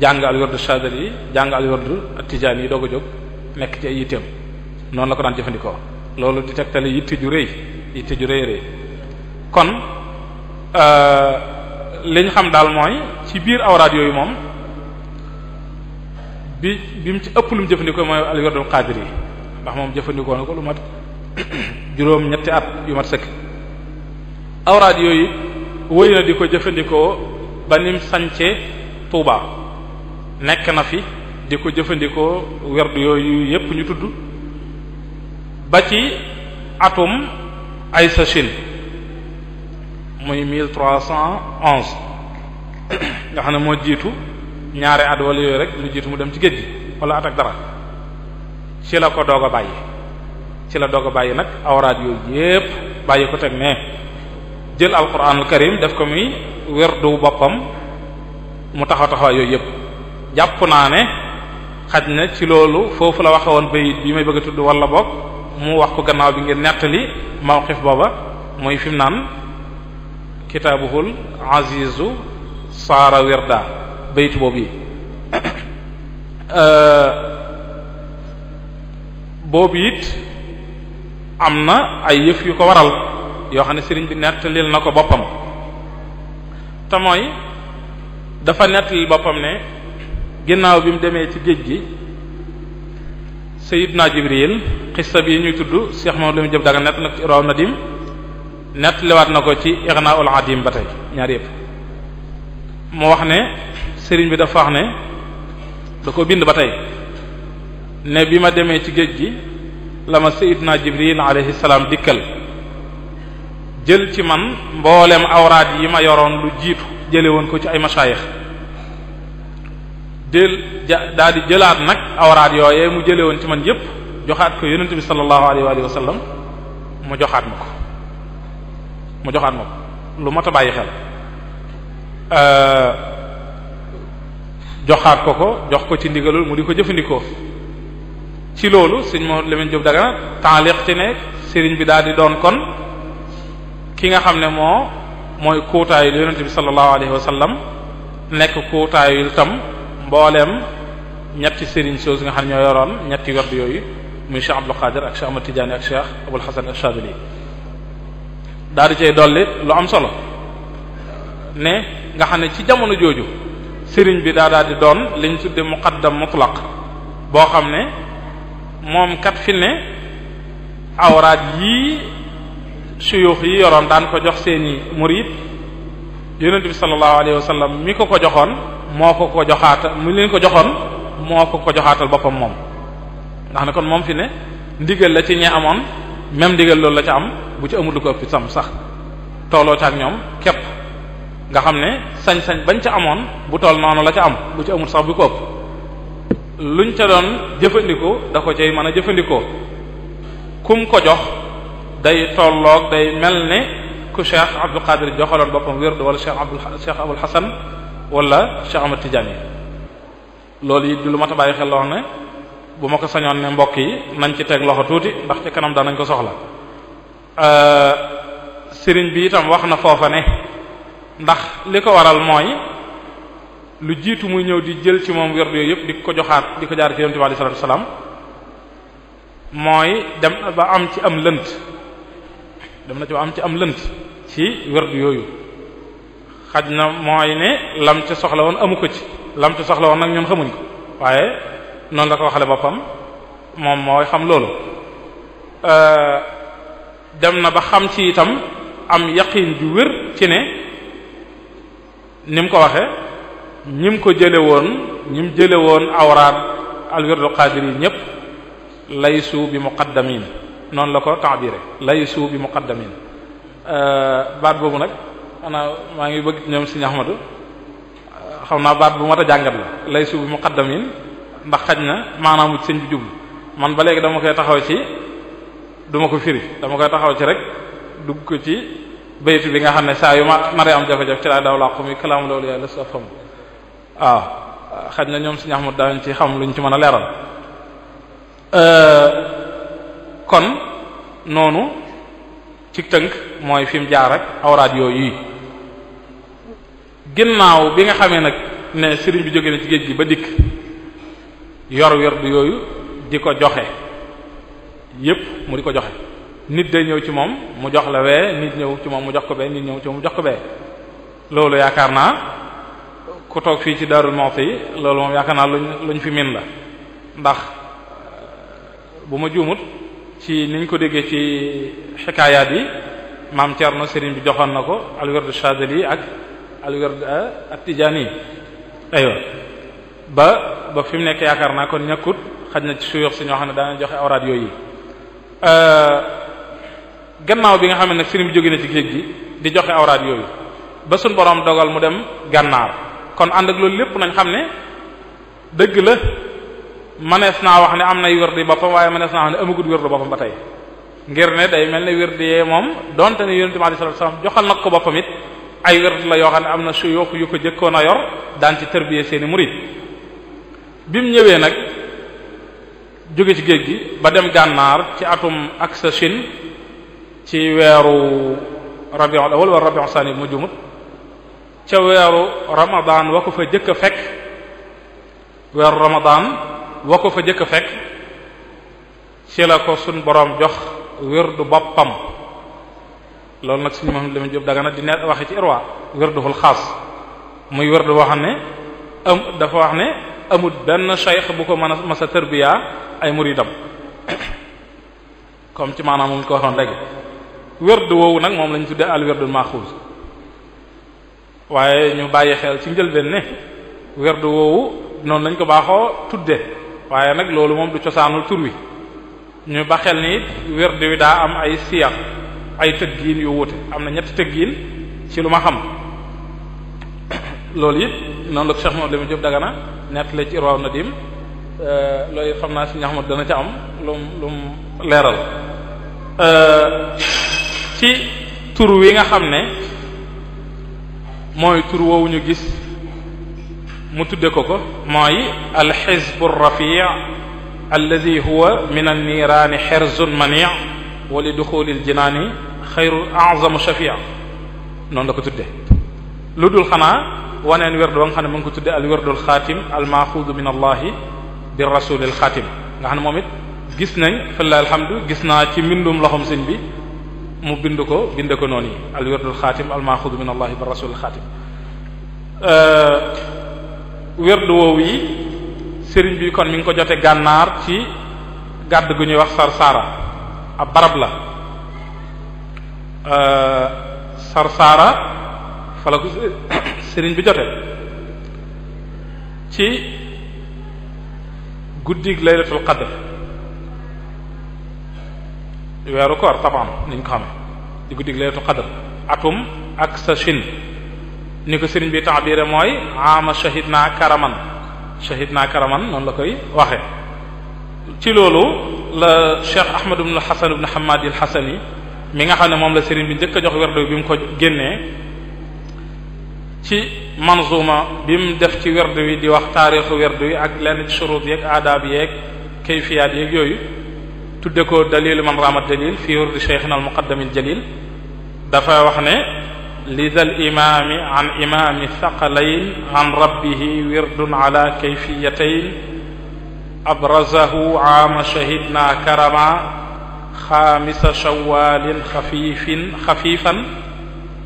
jàng al wirdu shaadir yi jàng al wirdu tijaan yi doog a jóg nekk ci ay yitteem noonu la ko daan jëfandikoo loolu di tegtale yitte ju rëy yitte ju rëy rëy kon euh, liñ xam daal mooy ci biir awraad yooyu moom bi bi mu ci ëpp lu mu jëfandikoo mooy al werdul xaadir yi ndax moom jëfandikoo na ko lu mat juróom ñetti at yu mat sëkk awraad yooyu wëy na di ko jëfandikoo ba nim sañce Tuuba nekk na fi di ko jëfandikoo werdu yooyu yépp ñu tudd ba ci atum ay sa Chine muy mille trois cent onze nga xam ne moo jiitu ñaari at wala yooyu rek lu jiitu mu dem ci géej gi wala at ak dara ci la ko doog bàyyi ci la doog a bàyyi nag awraat yooyu yépp bàyyi ko teg ne jël alquranul karim def ko muy werdu boppam mu taxaw taxawaay yooyu yépp jàpp naa ne xaj na ci loolu foofu la waxe woon bayit bi may bëgg a tudd wala boog mu wax ko gannaaw bi ngeen nettali mawqif booba mooy fi mu naan kitaabuhul azizu saara wirda baytu boobu yi euh, boobu it am na ay yëf yu ko waral yoo xam ne sëriñ bi nettalil na ko boppam te mooy dafa nettalil boppam ne ginnaaw bi mu demee ci géej gi Sayyidna Jibril xista bii ñuy tudd Cheikh Mamadou Lamine Diop daga nett na ko ci raw nadim nettaliwaat na ko ci Ighna ul Adim ba tey ñaar yëpp mu wax ne sëriñ bi dafa wax ne da ko bind ba tey ne bi ma demee ci géej gi la ma sayidna jibril alayhi salaam dikkal jël ci man mboolem awraad yi ma yoroon lu jiitu jële woon ko ci ay masaayix jël daa di jëlaat nag awraad yooyee mu jële woon ci man yépp joxaat ko yonent bi sallallahu alayhi wa sallam mu joxaat ma ko mu joxaat ma ko lu mot bàyyi xel euh, joxaat ko ko jox ko ci ndigalul mu di ko jëfandikoo ci loolu sëñ Maodo Lamine Diop Dagana taaliq ci ne sëriñ bi daal di doon kon ki nga xam ne moo mooy kuutaayul yonent bi sallallahu alayhi wa nekk nekk kuutaayul tam mbooleem ñetti sëriñ soos nga xam ne ñoo yoroon ñetti werd yooyu muy Cheikh Abdul Qadir ak Cheikh Ahmad Tidiane ak Cheikh Abul Hasan Ash-Shadili di cay dolli lu am solo ne nga xam ne ci jamono jooju. sëriñ bi daa daal di doon liñ tudde muqaddam mutlaq boo xam ne moom kat fi ne awraat yii suyuux yi yoroon daan ko jox seeni murid yonent bi sallallahu alayhi wa sallam mi ko ko joxoon moo ko ko joxaatal mu leen ko joxoon moo ko ko joxaatal boppam moom ndax ne kon moom fi ne ndigal la ci ñi amoon même ndigal loolu la ci am bu ci amul lu ko ëpp sam sax tooloo ca ñoom képp nga xam ne sañ-sañ bañ ca amoon bu toll noonu la ca am bu ci amul sax bu ko ëpp luñ ca doon jëfandikoo da ko cay mën a jëfandikoo kum ko jox day tolloog day mel ne ku Cheikh Abdul Qadir joxaloon boppam wérdu wala Cheikh Abdul Cheikh Abul Hasan wala Cheikh Ahmad Tidiane loolu it lu ma ta bàyyi xel loo xam ne bu ma ko sañoon ne mbokk yi nañ ci teg loxo tuuti ndax ci kanam nañ ko soxla euh, sëriñ bi itam wax na foofa ne. ndax li ko waral mooy lu jiitu muy ñëw di jël ci moom werd yooyu yëpp di ko joxaat di ko jaar ci yonent bi sallallahu alayhi wasallam mooy dem ba am ci am lënt dem na ba am ci am lënt ci werd yooyu xaj na mooy ne lam ci soxla woon amu ko ci lam ci soxla woon nag ñun xamuñ waaye noonu la ko waxale boppam moom mooy xam loolu euh, dem na ba xam ci itam am yaqiin ju wér ci ne ni ko waxe ñim ko jële woon ñim jële woon awraat alwirdu qadir yi ñépp laysu bi muqaddamin noonu la ko ta'bire laysu bi muqaddamin euh, baat boobu nag xanaa maa ngi bëgg ñoom Sëriñ Ahmadu euh, xam naa baat bu mat a jàngat la laysu bi muqaddamin ndax xaj na maanaamu sëñ bi jublu man ba léegi dama koy taxaw ci duma ko firi dama koy taxaw ci rek dugg ko ci baytu bi nga xam ne saa yu ma mare am jafe-jafe ci laa daw làqu mi kalaamu loolu yàlla sa fam waaw xaj na ñoom si ñax mu daañ ci xam luñ ci mën a leeral euh, kon noonu ci tënk mooy fi mu jaar rek awraat yooyu ginnaaw bi nga xamee nag ne sëriñ bi jóge na ci géej gi ba dikk yor werdu yooyu di ko joxe yépp mu di ko joxe nit day ñëw ci moom mu jox la wee nit ñëw ci moom mu jox ko bee nit ñëw ci moom mu jox ko be loolu yaakaar naa ku toog fii ci Darou Moukhty yi loolu moom yaakaar naa luñ luñ fi min la ndax bu ma juumut ci niñ ko déggee ci xikaayaat yi maam Thierno Serigne bi joxoon na ko al-wird Chadili ak al-wird eh, at-Tijani aywa ba ba fi mu nekk yaakaar naa kon ñàkkut xaj na ci suyux si ñoo xam ne daana joxe awraad yooyu eh, gannaaw bi nga xam ne nag sëriñ bi jóge na ci géej gi di joxe awraat yooyu ba suñ borom dogal mu dem gànnaar kon ànd ak loolu lépp nañ xam ne dëgg la manees naa wax ne am na nay wérdi boppam waaye manees naa wax ne amagut wérdu boppam ba tey ngir ne day mel ne wérdi yee moom donte ne yonent bi sallallahu alayhi joxal nag ko boppam it ay wérdi la yoo xam ne am na suyuux yu ko jëkkoon a yor daan ci tërbiye seeni murid bi mu ñëwee nag jóge ci géej gi ba dem gànnaar ci atum ak ci weeru rabiul awwal wala rabiul saani bu ma jumut ca weeru ramadan wa ko fa jëkk a fekk weeru ramadan wa ko fa jëkk a fekk ci la ko suñ boroom jox wirdu boppam loolu nag suñu moom dama jóg dagana di neet waxe ci irwa wirduhul xaas muy wirdu boo xam ne am dafa wax ne amul benn cheikh bu ko mën a masa tërbiya ay muridam comme ci maanaam mu ko waxoon léegi wërd woowu nag moom lañ tudde al wërdul maxuus waaye ñu bàyyi xel ci njëlbeen ne wërd woowu noonu lañ ko baaxoo tudde waaye nag loolu moom du cosaanul tur wi ñu ba xel ni wërd wi daa am ay siyax ay tëggiin yu wuute am na ñetti tëggiin ci lu ma xam loolu it noonu la ko Cheikh Mouhamed Lamine Diop Dagana nett la ci Irwaaw Nadim euh, looy xam naa si ñax ma dana ci am lu mu lu leeral euh, ci tur wi nga xam ne mooy tur woowu ñu gis mu tudde ko ko mooy alxizbu rafi alladi huwa min alniiraani xerzun mani wa li duxuli ljinaani xayru azamu shafia noonu la tudde lu dul xanaa waneen werdu ba xam ne mu ngi ko tudde al werdul xaatim almaaxuudu min allahi di rasulil xaatim nga xam ne moom it gis nañ fële alhamdu gis naa ci mbindum loxom sëñ bi mu bind ko bind ko noonu yi al wirdul xaatim al maaxuud min allahi ba rasul xaatim euh, wird woowu yi sëriñ bi kon mi ngi ko jote gànnaar ci gàdd gu ñuy wax sarsaara ab barab la euh, sarsaara fa ko sëriñ bi jote ci guddig laylatul qadr weeru koor tabaan niñ ko xame di guddig leetu xadr atum ak sa chin ni ko sëriñ bi taabire mooy ama shahid naa karaman shahid naa karaman noonu la koy waxe ci loolu la cheikh ahmad ibn hasan ibn hamad al hasani mi nga xam ne moom la sëriñ bi njëkk a jox werdo bi mu ko génnee ci manzuma bi mu def ci werdo wi di wax taarixu werdo wi ak lenn ci shurut yeeg aadaab yeeg kayfiyaat yeeg yooyu tudde ko dalilu mam ramat dalil fi urdi shaykhina al muqaddam al jalil dafa wax ne li dhal imaami an imaami thaqalayn an rabbihi wirdun ala kayfiyatayn abrazahu aama shahidna karama xaamisa shawalin xafiifin xafiifan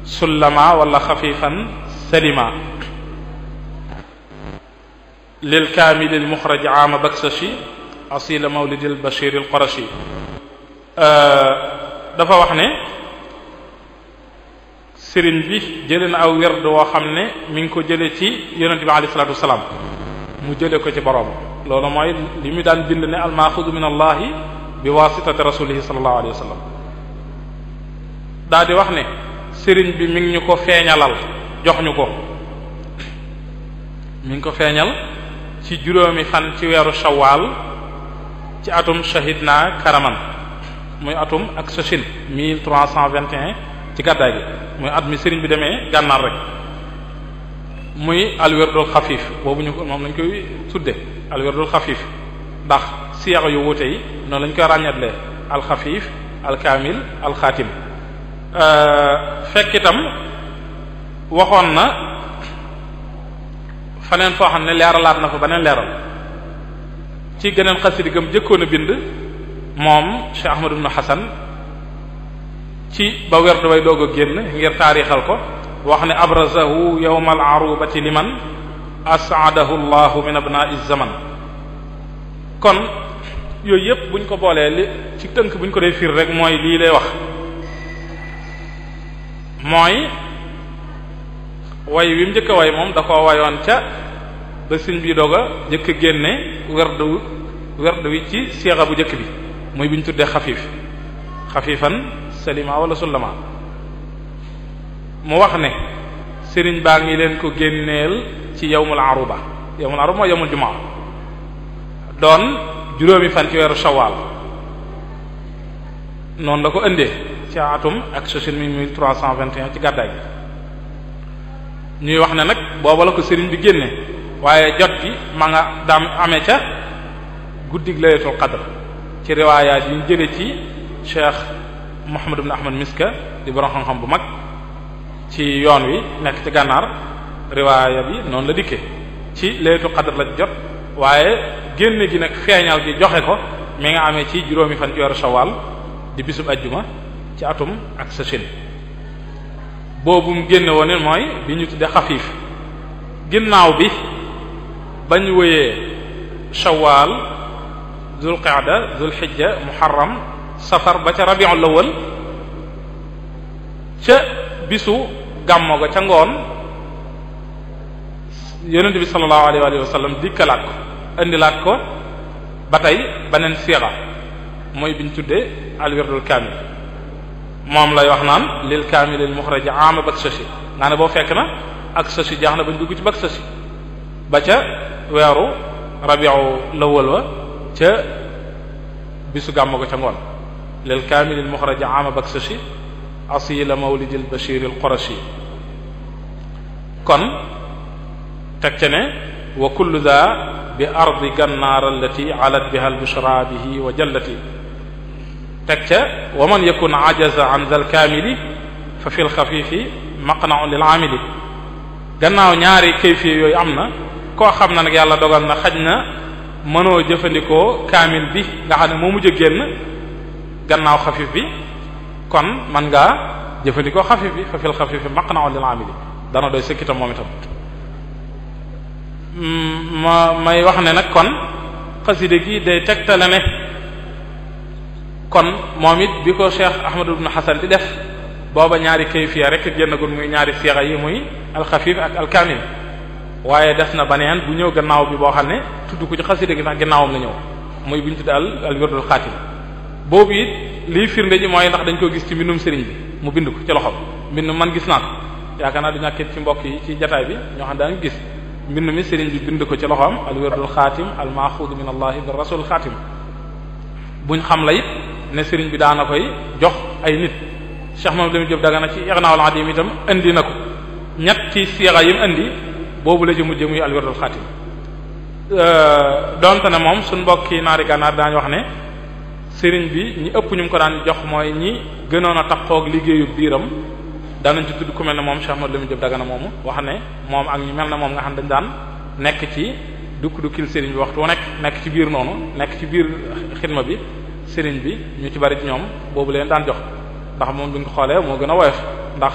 sullama wala xafiifan salima lil kaamilil muxraj aama baksashi asila mawlidi al bashir al qurashi euh, dafa wax ne sëriñ bi jële na aw werd woo xam ne mi ngi ko jële ci yonente bi alayhi salatu wasalaam mu jële ko ci borom loolu mooy li mu daan bind ne al maxudu min allahi bi wasitati rasulihi sallallahu alayhi wa sallam daa wax ne sëriñ bi mi ngi ñu ko feeñalal jox ñu ko mu ngi ko feeñal ci juróomi fan ci weeru shawaal ci atum shahid naa karaman muy atum ak Sochin 1321 ci gàddaay gi muy at mi sëriñ bi demee gànnaar rek muy alwerdul xafiif boobu ñu ko moom lañ koy tudde alwerdul xafiif ndax siyaxa yu wuute yi noonu lañ koy ràññeetlee alxafiif alkaamil alxaatim euh, fekk itam waxoon na faneen foo xam ne leeralaat na fa beneen leeral ci geneen xasida gam jëkkoon a bind moom Cheikh Ahmad ibn Hasan ci ba werdu way doog a génn ngir taarixal ko wax ne abrazahu yawma al-arubati liman as'adahu Allahu min abna'i zaman kon yooyu yëpp buñ ko boolee li ci tënk buñ ko dee fiir rek mooy lii lay wax mooy way wi mu njëkk a way moom da koo wayoon ca ba sëñ bi doog a njëkk a génne werdu werdu wi ci seexa bu njëkk bi muy bi ñu tuddee xafiif xafiifan salima wala sullama mu wax ne sëriñ baa ngi leen ko génneel ci yawmul aruba yawmul aruba mooy yawmul jumaa doon juróomi fan ci weeru shawaal noonu la ko indee ci atum ak sosin mi mille trois cent vingt un ci gàddaay ñuy wax ne nag booba la ko sëriñ bi génne waaye jot gi ma nga dam amee ca guddi laylatul qadr ci riwaayaat yi ñu jële ci cheikh Muhammad ibn Ahmad Miska di borom xam-xam bu mag ci yoon wi nekk ci gànnaar riwaaya bi noonu la dikkee ci laylatul qadr la jot waaye génn gi nag feeñal gi joxe ko mi nga amee ci juróomi fan ci weeru Shawwal di bisub ajjuma ci atum ak sa sin boobu mu génne mooy bi ñu tuddee xafiif ginnaaw bi bañ wëyee shawaal zul qaada zul xijja muharram safar ba ca rabiul awwal ca bisu gàmmo ca ngoon yonent bi sallallahu alayhi wa sallam dikkalaat ko indilaat ko ba tey beneen siixa mooy biñ tuddee alwirdul kaamil moom lay wax naan lil kaamilil muxraji ama bak sësi nga ne boo fekk na ak sësi jaax na bañ dugg ci bak sësi ba ca weeru rabiu lawal wa ca bisu gàmm ko ca ngoon lil kaamilil muxraja ama baksashi asila mawlidil bashiril qurashi kon teg ca ne wa kullu daa bi ardi gannaar allati alat biha albushra bihi wa jallati teg ca wa man yakun ajaza an zal kaamili fa fil xafiifi maqna'un lil aamili gannaaw ñaari kayfiya yooyu am na koo xam na nag yàlla dogal na xaj na mënoo jëfandikoo kaamil bi nga xam ne moo mujj a génn gannaaw xafif bi kon man nga jëfandikoo xafif bi xafil xafif bi maq na lil amili dana doy sëkkitam moom mm, may wax ne nag kon xasida gi day tegtale ne kon moom it bi ko cheikh ahmadu ibn hasan di def booba ñaari kayfiya rek génnagul muy ñaari siira yi muy alxafif ak alkaamil waaye def na baneen bu ñëw gannaaw bi boo xam ne tudd ko ci xasida gi ndax gannaawam la ñëw muy bu ñu tuddee al al wirdul boobu it liy firnde ji mooy ndax dañ ko gis ci mbindum sëriñ bi mu bind ko ci loxo mbind man gis naa ko yaakaar naa du ñàkk ci mbokk yi ci jataay bi ñoo xam daan gis mbind mi sëriñ bi bind ko ci loxoom al wirdul xaatim al maaxuud min allahi bi rasul xaatim buñ xam la it ne sëriñ bi daana koy jox ay nit Cheikh Mamadou Lamine Diop daga na ci Ighnaul Adim itam indi na ko ñett ci siira yim indi boobu la ci mujje muy alwirdul xaatim euh, donte ne moom suñ mbokki naari gànnaar daañu wax ne sëriñ bi ñi ëpp ñu mu ko daan jox mooy ñi gënoon a taqoog liggéeyu biiram danañ ci tudd ku mel ne moom Cheikh Ahmadou Lamine Diop Dagana moomu wax ne moom ak ñu mel na moom nga xam dañ daan nekk ci dukk dukkil sëriñ bi waxtu nekk nekk ci biir noonu nekk ci biir xidma bi sëriñ bi ñu ci bari ci ñoom boobu leen daan jox ndax moom bi ko xoolee moo gën a woyof ndax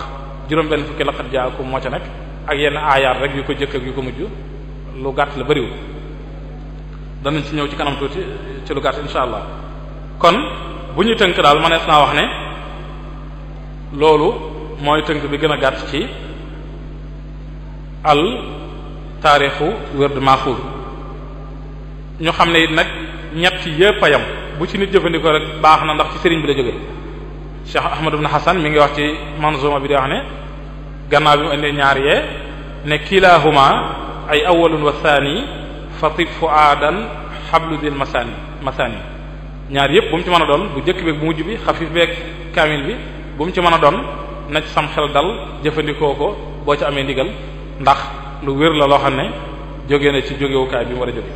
juróom benn fukki laqat jaakum moo ca nekk ak yenn aayaat rek yu ko jëkk yu ko mujj lu gàtt la bëriwul danañ si ñëw ci kanam tuuti ci lu gàtt insha allah kon bu ñu tënk daal manees naa wax ne loolu mooy tënk bi gën a gàtt ci àll taarixu wird Maaxuus ñu xam ne it nag ñett yépp a yam bu ci nit jëfandikoo rek baax na ndax ci sëriñ bi la jógee Cheikh Ahmad ibn Hassan mi ngi wax ci manzuma bi di wax ne gannaaw bi mu indee ñaar yee ne kilahuma ay awwalun wa thani fatib fu'adan hablu dil masani masani ñaar yëpp bu mu ci mën a doon bu jëkk beeg bu mujj bi xafif beeg kaamil bi bu mu ci mën a doon nag ci sam xel dal jëfandikoo ko boo ci amee ndigal ndax lu wér la loo xam ne jóge na ci jógewukaay bi mu war a jóge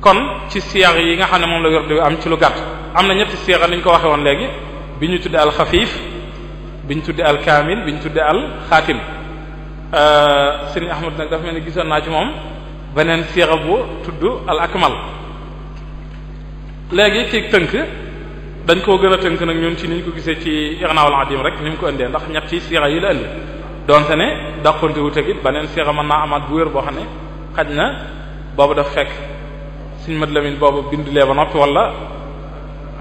kon ci siyaax yi nga xam ne moom la wér di am ci lu gàtt am na ñetti siyaax nañ ko waxe woon léegi bi ñu tuddee alxafiif biñ tuddee al kaamil biñ tuddee al xaatim euh, sëriñ Ahmad nag dafa mel ni gisoon naa ci moom beneen siira bu tudd al akmal léegi ci tënk dañ koo gën a tënk nag ñun ci niñ ko gisee ci irnaawul adim rek ni mu ko indee ndax ñetti siira yi la indi donte ne dàqonte wu tëgit beneen siira mën naa amaat bu wér boo xam ne xaj na boobu def fekk suñ mët lamin boobu bind ba noppi wala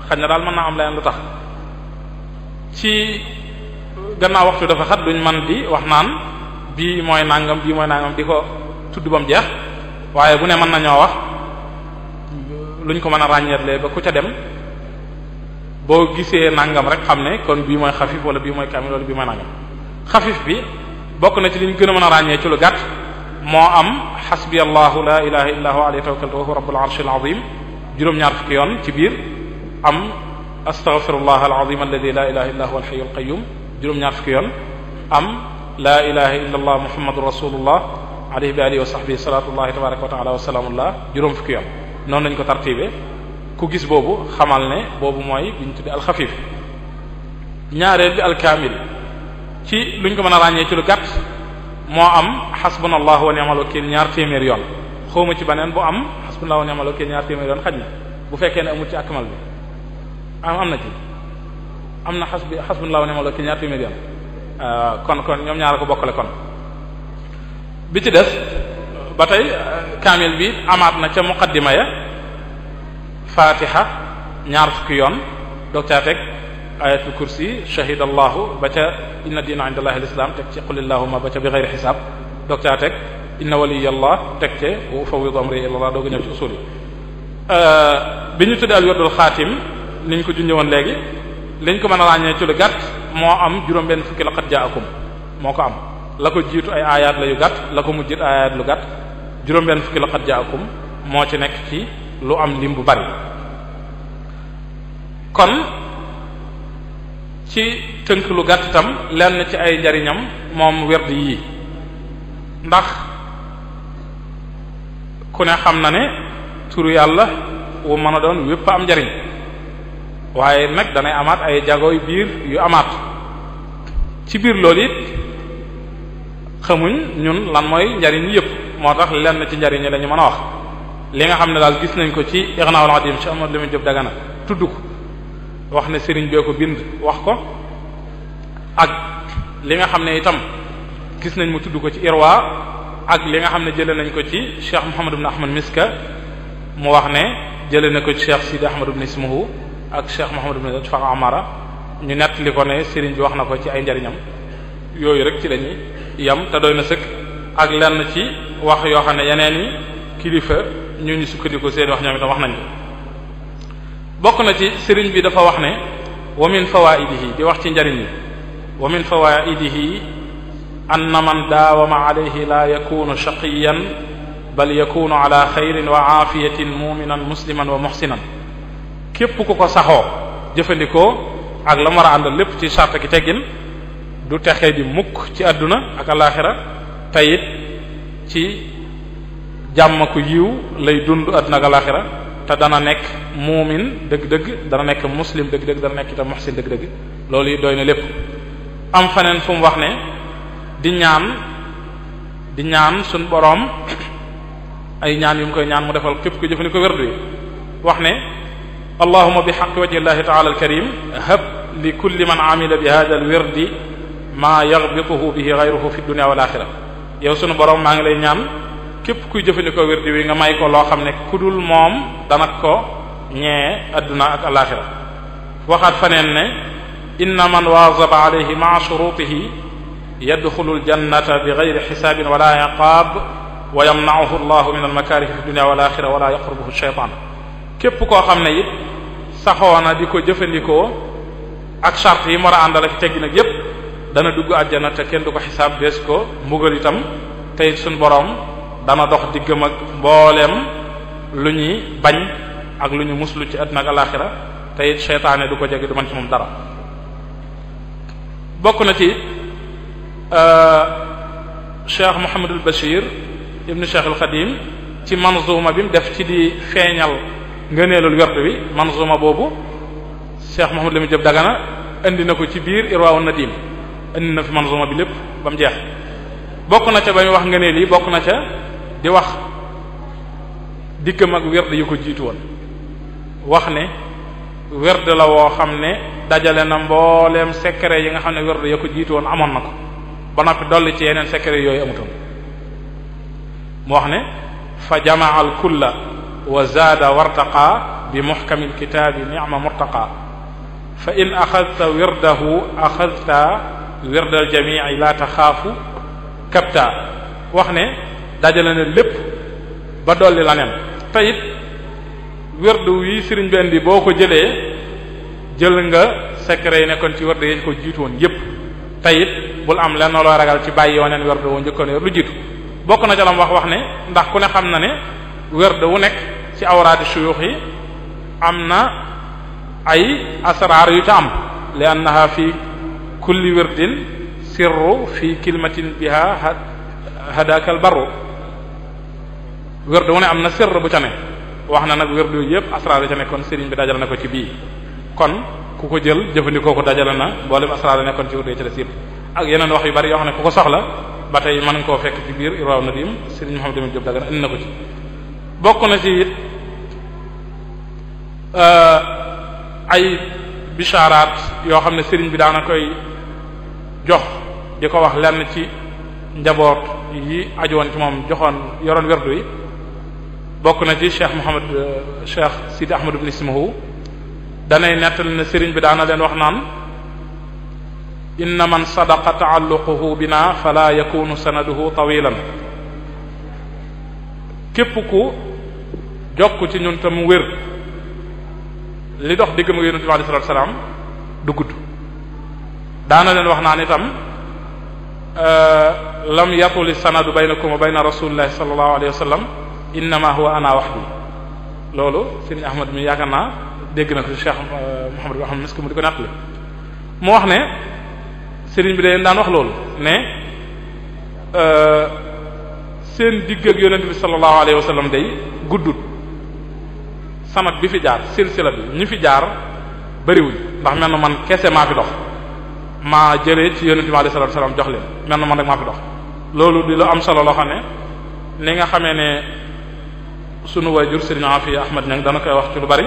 xaj na daal mën naa am leneen lu tax ci gannaaw waxtu dafa xat luñ man di wax naan bii mooy nangam bii mooy nangam di ko tudd ba mu jeex waaye bu ne mën nañoo wax luñ ko mën a ràññeetlee ba ku ca dem boo gisee nangam rek xam ne kon bii mooy xafif wala bii mooy kamil wala bii mooy nangam xafif bi bokk na ci li ñu gën a mën a ràññee ci lu gàtt moo am xasbi allahu la ilaha illa huwa alayhi tawakkaltu wa huwa rabbul arshil azim juróom-ñaar fukki yoon ci biir am astaghfirullah alazim alladhi la ilaha illa huwa alhayyul qayyum juróom-ñaar fukki yoon am la ilaha illa allah muhammadu rasulullah alayhi bi alihi wa sahbihi salatullahi tabaraka wa taala wa juróom fukki yoon noonu lañ ko tartibe ku gis boobu xamal ne boobu mooy bi ñu tudde alxafif ñaareel bi alkaamil ci luñ ko mën a ràññee ci lu gàtt moo am xasbunallahu wa ni'mal wakiil ñaar téeméer yoon ci beneen bu am xasbunallahu wa ni'mal ñaar téeméer yoon xaj na bu fekkee ne amul ci akmal bi am am na ci am na xas bi xas bu la ne ma la ki ñaar téeméer euh, kon kon ñoom ñaar ko bokkale kon bi ci des ba tey euh, kaamil bi amaat na ca muqaddima ya fatiha ñaar fukki yoon doog caa teg ayatul kursi shahid allahu ba ca inna diina indallahi alislam teg ci qul illahumma ba ca bi ghayri xisaab doog inna waliyallah teg ce wa ufawwidu amri ilallah doog a ñëw ci usul euh, bi ñu tuddee al wirdul xaatim ni ñu ko junjee woon léegi liñ ko mën a ràññee ci lu gàtt moo am juróom-benn fukki laqad jaakum moo ko am la ko jiitu ay aayaat la yu gàtt la ko mujjit aayaat lu gàtt juróom-benn fukki laqad jaakum moo ci nekk ci lu am lim bu bari kon ci tënk lu gàtt itam lenn ci ay njariñam moom werd yii ndax ku ne xam na ne turu yàlla wu mën a doon yépp am njariñ waaye nag danay amaat ay jagoy biir yu amaat ci biir loolu yi xamuñ ñun lan mooy njariñ yëpp moo tax lenn ci njariñ lañu mën a wax li nga xam ne daal gis nañ ko ci Ighnaaul Qadim ci Ahmad Lamine Diop Dagana tudd ko wax ne sëriñ bee ko bind wax ko ak li nga xam ne itam gis nañ mu tudd ko ci Irwa ak li nga xam ne jële nañ ko ci Cheikh Muhammad ibn Ahmad Miska mu wax ne jële na ko ci Cheikh Sidi Ahmad ibn Ismahu ak Cheikh Mouhamadou ibn Ishaaq Amara ñu nettali ko ne sëriñ bi wax na ko ci ay njariñam yooyu rek ci lañuy yam te doy na sëkk ak lenn ci wax yoo xam ne yeneen yi kilifa ñu ñu sukkandiku seen wax ñoom itam wax nañ bokk na ci sëriñ bi dafa wax ne wa min fawaidihi di wax ci njariñ yi wa min fawaidihi anna man daawama alayhi la yakunu shaqiyan bal yakunu ala xayrin wa aafiyatin muminan musliman wa muhsinan képp ku ko saxoo jëfandikoo ak la mar a àndal lépp ci sart ki teggin du texe di mukk ci àdduna ak alaaxira tayit ci jàmm ku yiw lay dund àdduna ak alaaxira te dana nekk muumin dëgg-dëgg dana nekk muslim dëgg-dëgg dana nekk itam muhsin dëgg-dëgg loolu yi doy na lépp am faneen fu wax ne di ñaan di ñaan suñ boroom ay ñaan yu koy ñaan mu defal képp ko jëfandikoo werdu yi wax ne allahuma bixaqi wajhi llahi taala alkarim hab li kulli man amila bi hada alwirdi maa yagbituhu bihi gayruhu fi dunia wal axira yow sunu borom maa ngi lay ñaan képp kuy jëfandikoo wirdi wi nga may ko loo xam ne ku dul moom dana ko ñee adduna ak alaaxira waxaat faneen ne inna man waazaba alayhi maa shurutihi yadxulu aljannata bi gayri xisaabin wala iqaab wa yamna'uhu allahu min almakaarihi fi dunia wal axira wala yaqrubuhu shaytaan képp koo xam ne it saxoona di ko jëfandikoo ak charte yi mu war a àndal teggi nag yépp dana dugg àjjana te kenn du ko xisaab des ko mbugal itam tey suñ boroom dana dox diggam ak mbooleem lu ñuy bañ ak lu ñu muslu ci àddina ak alaaxira tey seytaane du ko jege du man ci moom dara bokk na ci euh, Cheikh Mouhamadul Bachir ibnu Cheikh al ci manzuma bi mu def ci di feeñal ngëneelul werdu wi manzuma boobu Cheikh Mouhamed Lamine Diop Dagana indi na ko ci biir na Nadim indi na fi manzuma bi lépp ba mu jeex bokk na ca ba ñu wax ngëneel yi bokk na ca di wax dikk mag werd yu ko jiitu woon wax ne werd la woo xam ne dajale na mbooleem secret yi nga xam ne werd ya ko jiitu woon amoon na ko ba noppi dolli ci yeneen secret yooyu amutoon mu wax ne fa jamaa al wa zaada wartaqa bi muxkami lkitaabi ma murtaqa fa in axadta wirdahu axadta wirda aljamici laata taxaafu kapta wax ne dajale na lépp ba dolli la nen te it wirdu yi sëriñ bi indi boo ko jëlee jël nga secret yi nekkoon ci wirdu yi ñu ko jiitoon yépp te bul am lenn loo ragal ci bàyyi waneen wirdu wu njëkkoon lu jiitu bokk na ca lam wax wax ne ndax ku ne xam na ne werd wu nekk ci awraadi shuyuux yi am na ay asraar yu ca am li annaha fi kulli wirdin sirru fi kilmatin biha hadakal barru wird wu ne am na sirr bu ca ne wax na nag wird yooyu yëpp asraar yu ca ne kon sëriñ bi dajale na ko ci bii kon ku ko jël jëfandikoo ko dajale na mboolem asraar yu nekkoon ci wird yi ci des yëpp ak yeneen wax yu bari yoo xam ne ku ko soxla ba tey mën nga koo fekk ci biir Irwaaw na sëriñ Mouhamadou Diop Dagana indi na ko ci bokk na ci it Euh, ay bicharaat yoo xam ne sëriñ bi daana koy jox di ko wax lenn ci njaboot yi ajowoon ci moom joxoon yoroon werdu yi bokk na ci cheikh Mouhamad euh, cheikh Sidi Ahmad ibn Ismahu danay nettal ne sëriñ bi daana leen wax naan inna man sadaqa taalluquhu bina fala yakunu sanaduhu tawilan képp ku jokk ci ñun tam wér li dox diggam ak yonent bi alayhi salaatu salaam du gudd daana leen wax naan itam euh, lam yatuli sanadu baynakum wa bayna rasulillahi sallallahu alayhi wa sallam innama huwa ana wahdi loolu sëriñ ahmad mi yaakaar naa dégg na ko cheikh euh, Mouhamed Ba mu mu wax ne sëriñ bi da leen daan wax loolu ne euh, seen digg ak yonent bi sallallahu alayhi wa sallam day guddut samat bi fi jaar silsila bi ñi fi jaar bëriwuñ ndax mel na man kese maa fi dox maa jëlee ci yonent bi alayhi salaam jox leen mel na man rek maa fi dox loolu di lu am solo loo xam ne ni nga xamee ne sunu waajur Serigne Afi Ahmad Niang dana koy wax ci lu bari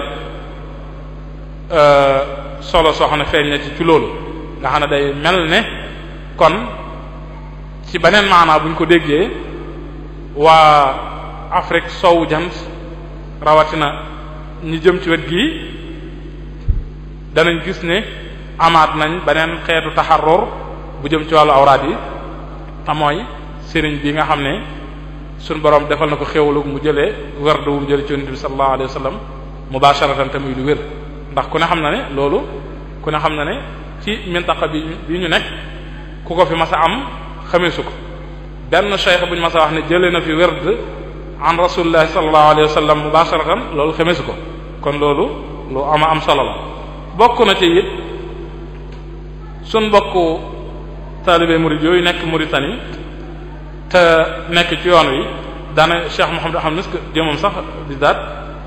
euh, solo soo xam ne feeñ na ci ci loolu nga xam ne day mel ne kon ci beneen maanaa bu ñu ko déggee waa Afrique sowu jant rawatina ñu jëm ci wet gi danañ gis ne amaat nañ beneen xeetu taxarur bu jëm ci wàllu awraat yi te mooy sëriñ bi nga xam ne suñ borom defal na ko xéwlu mu jëlee werdu mu jëlee ci yonent bi sallallahu alayhi wasallam mubasharatan te muy lu wér ndax ku ne xam na ne loolu ku ne xam na ne ci mintaqa bi bi ñu nekk ku ko fi masa am xamee ko benn cheikh bu ñu wax ne jëlee na fi werd an rasulillahi sallallahu alayhi wa sallam mubasharatan loolu xemesu ko kon loolu lu ama am solo la bokk na ci it sun bokku taalibe murid yooyu nekk Mauritanie te nekk ci yoon wi daana Cheikh Mouhamed Ahmad Misk jëmam sax di daat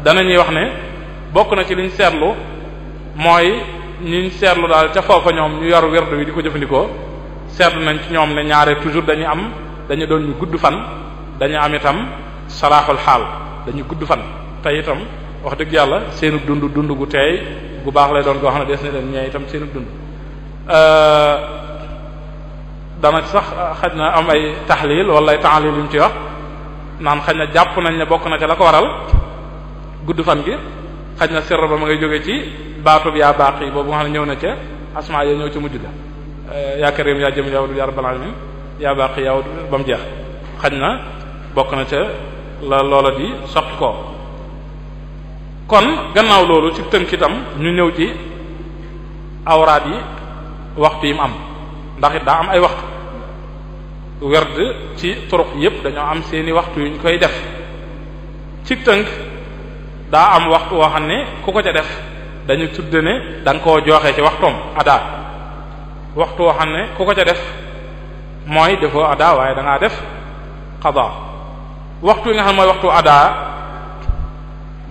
dana ñuy wax ne bokk na ci liñ seetlu mooy ñiñ seetlu daal ca foofa ñoom ñu yor werdu wi di ko jëfandikoo seetlu nañ ci ñoom ne ñaare toujours dañuy am dañu doon ñu gudd fan dañu am itam salaaxul xaal dañu gudd fan te itam wax dëgg yàlla seenu dund dund gu teey gu baax lay doon goo xam ne des na leen ñee itam seenu dund euh, dana sax xaj na am ay taxliil wala ay taxliil mu ci wax naan xaj na jàpp nañ ne bokk na ca la ko waral gudd fan gi xaj na sirra ba ma ngay jóge ci baatub yaa baax boobu nga xam ne ñëw na ca asmaa ya ñëw ca mujj ga euh, yaa karim yaa jëm yaa wadud yaa rabbal alamin yaa baax yaa wadud ba mu jeex xaj na bokk na ca la loola di sotti ko kon gannaaw loolu ci tënk itam ñu ñëw ci awraad yi waxtu yi am ndax daa am ay waxtu werd ci turuq yépp dañoo am seeni waxtu yu ñu koy def ci tënk daa am waxtu woo xam ne ku ko ca def dañu tudd ne da koo joxe ci waxtoom ada waxtu woo xam ne ku ko ca def mooy defoo ada waaye da def qada waxtu wi nga xam mooy waxtu adaa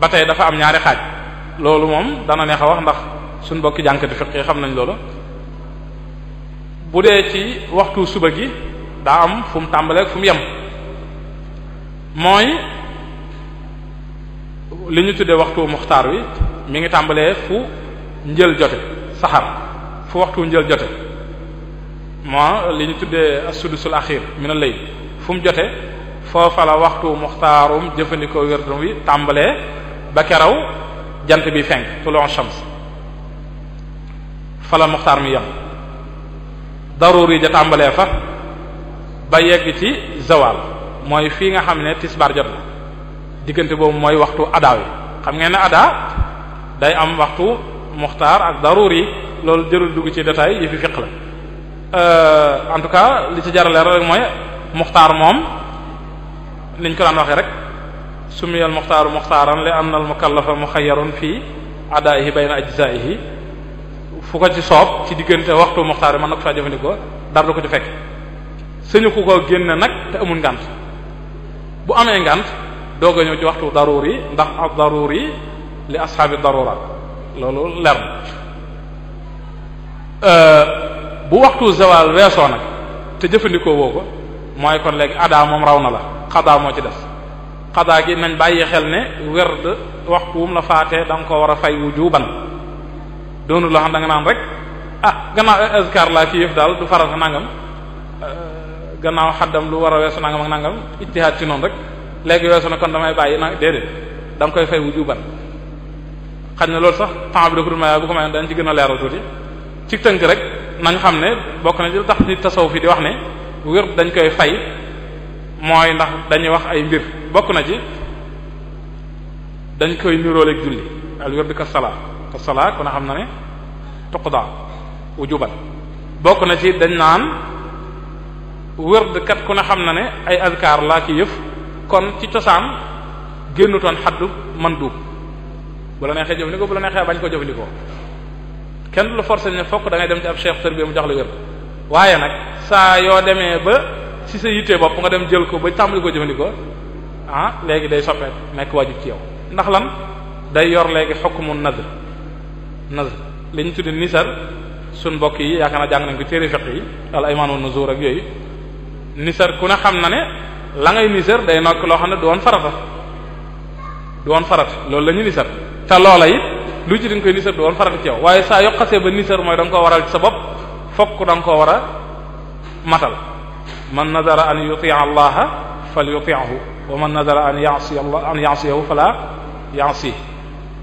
ba tey dafa am ñaari xaaj loolu moom dana neex a wax ndax suñ mbokki jànkati fiq xam nañ loolu bu dee ci waxtu suba gi daa am fu mu tàmbalee fu mu yem mooy li ñu tuddee waxtu muxtaar wi mi ngi tàmbalee fu njël jote saxar fu waxtu njël jote moo li ñu tuddee as-sudusul axiir min al-layl fu mu jote foofa la waxtu muxtaarum jëfandikoo wérdum wi tàmbalee ba keraw jant bi fenk tulon shams fa la muxtaar mi yam daruri ja tàmbalee fa ba yegg ci zawal mooy fi nga xam ne tisbaar jot na diggante boobu mooy waxtu adaa wi xam ngeen ne adaa day am waxtu muxtaar ak daruri loolu jërul dugg ci détail yi fi fiq la euh, en tout cas li ci jarale rek mooy muxtaar moom niñ ko daan waxee rek sumiyal muxtaaru muxtaaran li anna al mukallafa muxayyarun fii adaa'ihi bayna ajzaa'ihi fu ko ci soob ci diggante waxtu muxtaar yi mën na ko faa jëfandikoo dara ko ci fekk suñu ku ko génne nag te amul ngant bu amee ngant doog a ci waxtu daruri ndax ab daruri li ashaabi darura loolu leer bu waxtu zawal weesoo nag te jëfandikoo woo ko mooy kon léegi adaa moom raw na la xadaa moo ci des xadaa gi nañ bàyyi xel ne werd waxtu wum la faatee da ko war a fay wujuban doonu loo xam da nga naan rek ah gannaaw azkar laa ci yëf daal du farata nangam euh, gannaaw xaddam lu war a weesu nangam ak nangam ittihaad ci noonu léegi weesu na kon damay bàyyi na déedéet da nga koy fay wujuban xañ na loolu sax temps bi da ko dul bu ko mayoon dañ ci gën a leeral tuuti ci tënk rek nañ xam ne bokk na ci tax ci tasawuf fi di wax ne werd dañ koy fay mooy ndax dañuy wax ay mbir bokk na ci dañ koy niróoleeg julli al wirdu ka salaa ka salaa kon xam na ne tuqda wujuban bokk na ci dañ naan wird kat ku ne xam na ne ay azkar laa ci yëf kon ci cosaan génnutoon xaddu man duub bu la neexee jëfandikoo bu la neexee bañ koo jëfandikoo kenn lu la forcé ne fokk da dem ci ab cheikh tër mu jox la wird waaye nag saa yoo demee ba si sa yittee bopp nga dem jël ko ba tàmbali ko jëfandikoo ah léegi day soppee nekk waajib ci yow ndax lan day yor léegi xukmu nazr nazr li ñu tuddi nisar suñ mbokk yi yaakaar naa jàng nañ ko téere fiqh yi al aymaan wan nuzur ak yooyu nisar ku ne xam na ne la ngay nisar day nokk loo xam ne du woon farata du woon farata loolu la ñu nisar te loola it lu ci dañ koy nisar du woon farata ci yow waaye saa yokkasee ba nisar mooy da ko koo waral ci sa bopp fokk da nga koo war a matal man nadara an yuti allaha fal yuti'hu wa man nadara an ya'si allah an ya'sihu fala ya'si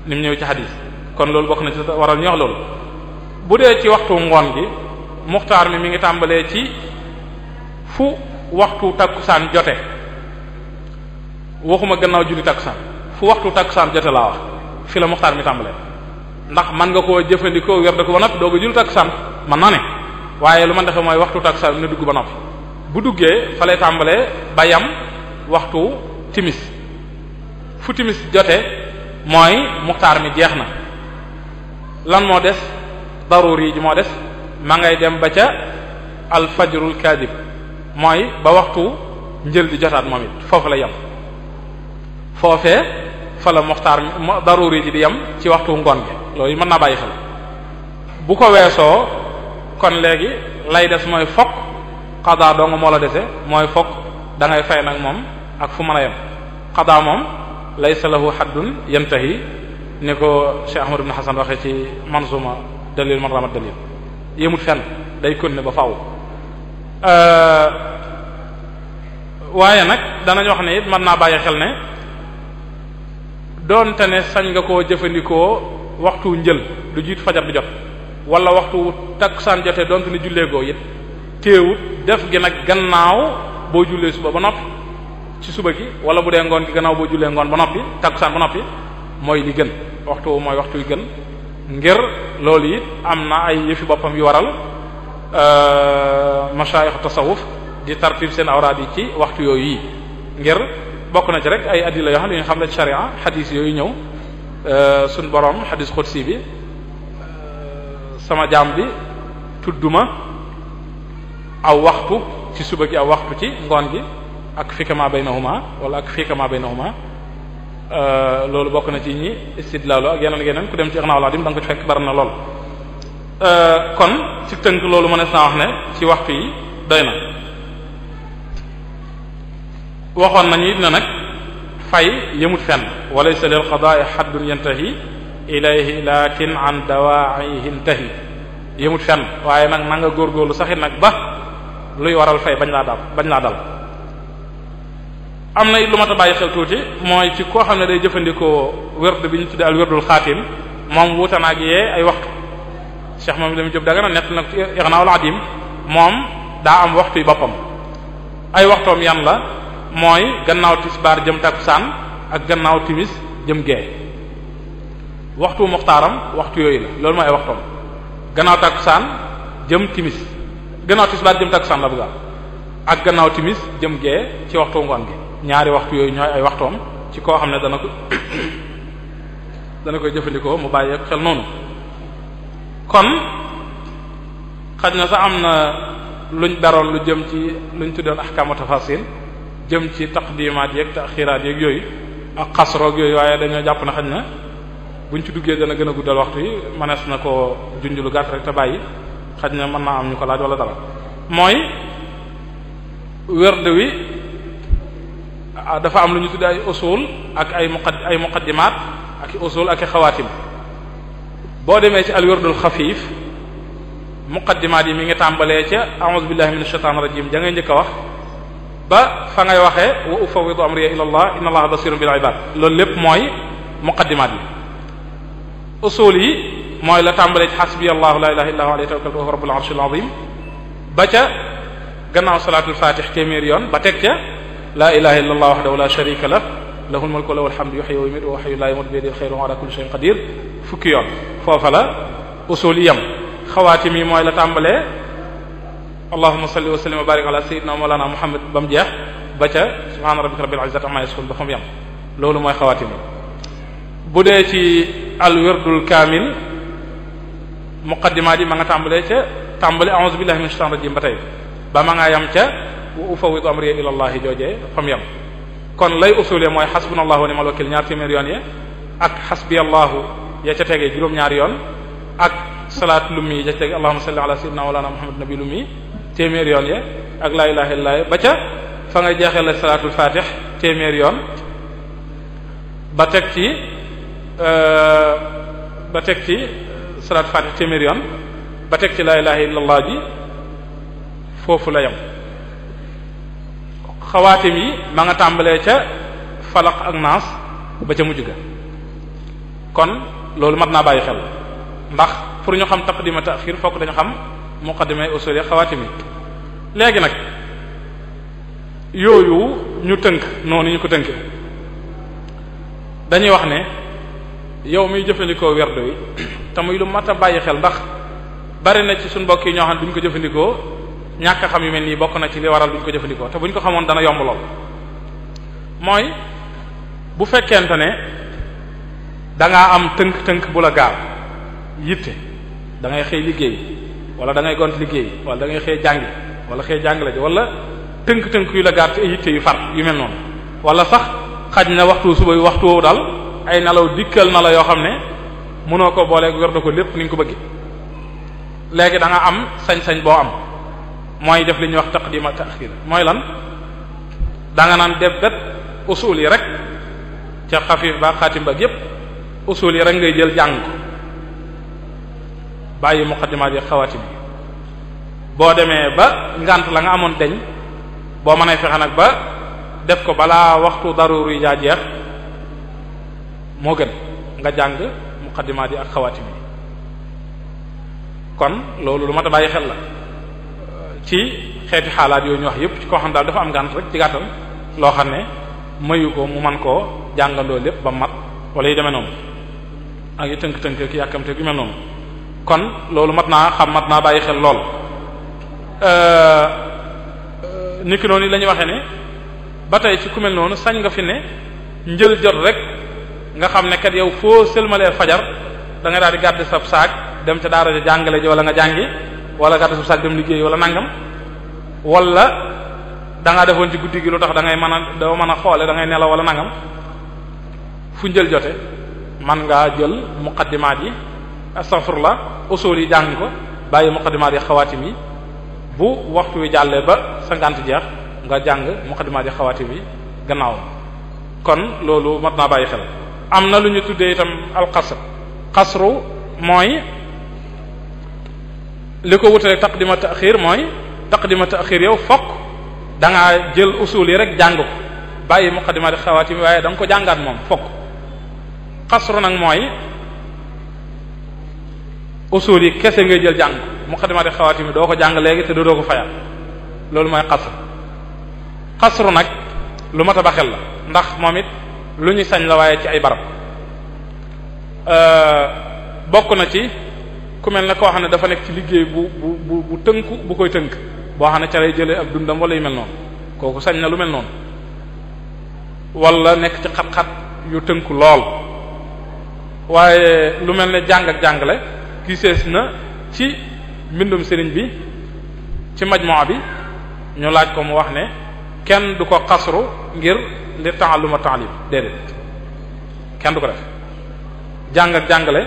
ni mu ñëw ci xadis kon loolu bokk na ci waral ñox loolu bu dee ci waxtu ngoon gi muxtaar mi mi ngi tàmbalee ci fu waxtu takkusaan jote waxuma gannaaw julli takkusaan fu waxtu takkusaan jote laa wax fi la muxtaar mi tàmbalee ndax man nga koo jëfandikoo wer da ko ba doo dooga julli takkusaan man naa ne waaye lu man defe mooy waxtu takkusaan na dugg ba noppi bu duggee fa lay tàmbalee ba yam waxtu timis fu timis jote mooy muxtaar mi jeex na lan moo des daruri ji moo des ma ngay dem ba ca alfajrul kadib mooy ba waxtu njël di jotaat moom it foofu la yam foofee fa la muxtaar mi daruri ji di yam ci waxtu ngoon gi loolu mën naa bàyyi xel bu ko weesoo kon léegi lay des mooy fokk xadaa doo nga moo la dese mooy fokk da fay nag moom ak fu mën a yem xadaa moom laysa lahu haddun yantahi ni ko Cheikh Ahmad ibn Hasan waxee ci manzuma dalil man ramat dalil yëmut fenn day continuer ba faaw euh, waaye nag danañu wax ne it man naa bàyyi xel ne doonte ne sañ nga koo jëfandikoo waxtu njël lu jiit fajar di jot wala waxtu takkusaan jotee doonte ne julleegoo it teewut def gi nag gannaaw boo jullee suba ba noppi ci suba gi wala bu dee ngoon gi gannaaw boo jullee ngoon ba noppi takkusaan ba noppi mooy li gën waxtu mooy waxtu yu gën ngir loolu yi am na ay yëfi boppam yu waral euh, mashaayixu tasawuf di tartib seen awraad yi ci waxtu yooyu yi ngir bokk na ci rek ay addila yoo xam ne yu ñu xam la sharia xadiis yooyu ñëw euh, suñ borom xadiis xudsi bi euh, sama jaam bi tudduma aw waxtu ci suba gi aw waxtu ci ngoon gi ak fikama baynahuma wala ak fikama baynahuma euh, loolu bokk na ci ñi istidlaalu ak yeneen yeneen ku dem ci Irnaaw Laadim da nga ko ci fekk bari na lool. Euh, kon ci tënk loolu mënees naa wax ne ci waxtu yi doy na waxoon nañu it ne nag fay yëmut fenn walaysa lil qadaa'i haddun yantahi waaye nag na nga góorgóorlu saxit nag ba. luy waral fay bañ laa dal bañ laa dal am na lu ma ta tuuti mooy ci koo xam ne day jëfandikoo werd bi ñu tuddee al werdul xaatim moom wuute na ak yee ay waxtu Cheikh moom dama jëb daga na nett nag ci Ighnaaul Adim moom daa am waxtu boppam ay waxtoom yan la mooy gannaaw tisbaar jëm takkusaan ak gannaaw timis jëm gee waxtu muxtaaram waxtu yooyu la loolu mooy ay waxtoom gannaaw takkusaan jëm timis gannaaw tisbaar jëm takkusaan la bëgg am ak gannaaw timis jëm gee ci waxtu ngoon gi ñaari waxtu yooyu ñooy ay waxtoom ci koo xam ne dana ko dana koy jëfandikoo mu bàyyi xel noonu kon xaj na sa am na luñ daroon lu jëm ci luñ tuddoon ahkaamu tafasil jëm ci taqdimaat yeeg taxiraat yeeg yooyu ak xasroog yooyu waaye dañoo jàpp na xaj na buñ ci duggee dana gën a guddal waxtu yi mënees na koo junj lu gàtt rek te bàyyi xaj na mën naa am ñu ko laaj wala dara mooy werd wi dafa am lu ñu tudd ay usul ak ay muqad ay muqaddimaat ak i usul ak i xawaatim boo demee ci al werdul xafiif muqaddimaat yi mi ngi tàmbalee ca a'udhu billahi minash shaitanir rajim ja njëkk a wax ba fa ngay waxe wa ufawwidu amriya ila allah inna allaha basirun bil ibad loolu lépp mooy muqaddimaat yi usul yi mooy la tàmbalee ci xasbi allahu la ilaha illa huwa alayhi tawakkaltu wa huwa rabbul arshil azim ba ca gannaaw salaatul fatih téeméer yoon ba teg ca la ilaha illa allah wahdahu la sharika lah lahul mulku wa lahul hamdu yuhyi wa yumiitu wa hayyun la yamuutu bi yadihi alxayru wa ala kulli shay'in qadir fukki yoon foofa la usul yam xawaatim yi mooy la tàmbalee allahumma salli wa sallim wa barik ala sayyidina wa mawlana muhammad ba mu jeex ba ca subhaana rabbika rabbil izzati amma yasifun ba fa mu yam loolu mooy xawaatim bu dee ci al wirdul kaamil muqaddimaat yi ma nga tàmbalee ca tàmbale a billahi minash shaytaanir rajiim ba tey ba ma nga yam ca wa ufawwidu amri ila allah joojee fam yam kon lay usulee mooy xasbunallahu wa ni'mal wakiil ñaar téeméer yoon ya ak xasbiyallahu ya ca tegee juróom-ñaar yoon ak salaat lu yi ca tege allahumma salli ala sayyidina wa ala yoon ya ak laa ilaha illallah ba ca fa nga jeex la salaatul fatih téeméer yoon ba teg euh, ba teg salaat fatih téeméer yoon ba teg ci laa ilaha illallah ji foofu la yem xawaatim yi ma nga tàmbalee ca falaq ak naas ba ca mujj ga kon loolu mat naa bàyyi xel ndax pour ñu xam taqdima ta'khir fokk dañu xam muqaddima usuli xawaatim yi léegi nag yooyu ñu tënk noonu ñu ko tënk dañuy wax ne yow miy jëfandikoo werd wi te muy lu mat a bàyyi xel ndax bari na ci suñ mbokk yi ñoo xam ne duñ ko jëfandikoo ñàkk xam yu mel nii bokk na ci li waral duñ ko jëfandikoo te buñ ko xamoon dana yomb lool mooy bu fekkente ne da am tënk-tënk bu la gaaw yitte da xëy liggéey wala da ngay gont liggéey wala da ngay xëy jàngi wala xëy jàngale ji wala tënk-tënk yu la gaaw te yitte yu far yu mel noonu wala sax xaj na waxtu suba waxtu woowu daal ay nelaw dikkal na la yoo xam ne mënoo ko boolee booleeg werdu ko lépp ni nga ko bëgge léegi da am sañ-sañ boo am mooy def li ñuy wax taqdim ak ta'khir mooy lan danga naan debet usul yi rek ca xafif ba xaatim ba yépp usul yi rek ngay jël jàng ko bàyyi muqaddimaat yi xawaatim boo demee ba ngant la nga amoon deñ boo mënee fexe nag ba def ko balaa waxtu daruri jaa jeex moo gën nga jàng muqaddimaat yi ak xawaatim yi kon loolu lu mat a bàyyi xel la ci xeeti xaalaat yooyu ñu wax yépp ci koo xam daal dafa am ngànt rek ci gàttal loo xam ne mayu ko mu man koo jàngandoo lépp ba mat wala yu deme noonu ak yu tënk-tënk ki yàkkamte yu mel noonu kon loolu mat naa xam mat naa bàyyi xel lool euh, euh, niki yi la waxe ne ba tey ci ku mel noonu sañ nga fi ne njël jot rek nga xam ne kat yow foo sëlmalee fajar da nga daal di gàddi sab saak dem ca daara ja jàngale ji wala nga jàngi wala gàddi sab saak dem liggéey wala nangam wala da ngaa defoon ci guddi gi lu tax da ngay mën a doo mën a xoole da ngay nelaw wala nangam fu njël jote man ngaa jël muqaddimaat yi la usul yi jàng ko bàyyi muqaddimaat yi xawaatim yi bu waxtu wi jàllee ba cinquante jeex nga jàng muqaddimaat yi xawaatim yi gannaaw kon loolu mat naa bàyyi am na lu ñu tuddee itam alxasr xasru mooy li ko di ma taxir mooy taqdima taxir yow fokk da ngaa jël usul yi rek jàng ko bàyyi muqaddimaati xawaatim waaye da nga ko jàngaat moom fokk xasru nag mooy usul yi kese ngay jël jàng muqaddimaati xawaatim doo ko jàng léegi te doo ko fayal loolu mooy xasru xasru nag lu mat a baxel la ndax moom it lu ñu sañ la waaye ci ay barab euh, bokk na ci ku mel ne koo xam ne dafa nekk ci liggéey bu bu bu tënku bu koy tënk boo xam ne ca lay jëlee ab dundam wala yu mel noonu kooku sañ na lu mel noonu walla nekk ci xat-xat yu tënku lool waaye lu mel ne jàng ak jàngale gisees na ci mbindum sëriñ bi ci majmuwa bi ñu laaj ko mu wax ne kenn du ko xasru ngir li taaluma taalim déedéet kenn du ko def jàng ak jàngale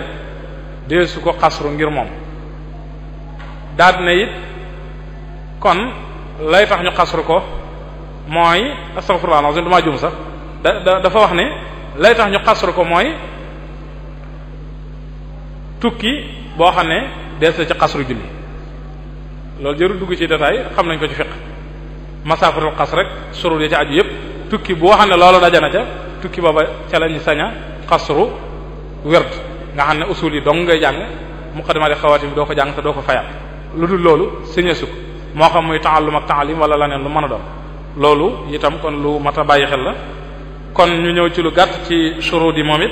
dee su ko xasru ngir moom daad ne it kon lay tax ñu xasru ko mooy astaghfirullah alazim damaa sax dafa wax ne lay tax ñu xasru ko mooy tukki boo xam ne dees na ci xasru julli loolu jëru dugg ci détail xam nañ ko ci fiqh masaafatul xas rek surul ya ca aju yëpp tukki boo xam ne loolu na ca tukki booba ca lañu sañ a xasru werd nga xam ne usul yi dong ngay jàng muqaddimatul xawaati bi doo ko jàng te doo ko fayal lu dul loolu sañee sukk moo xam muy ta'allum ak ta'lim wala laneen lu mën a doon loolu itam kon lu mat a bàyyi xel la kon ñu ñëw ci lu gàtt ci surut yi moom it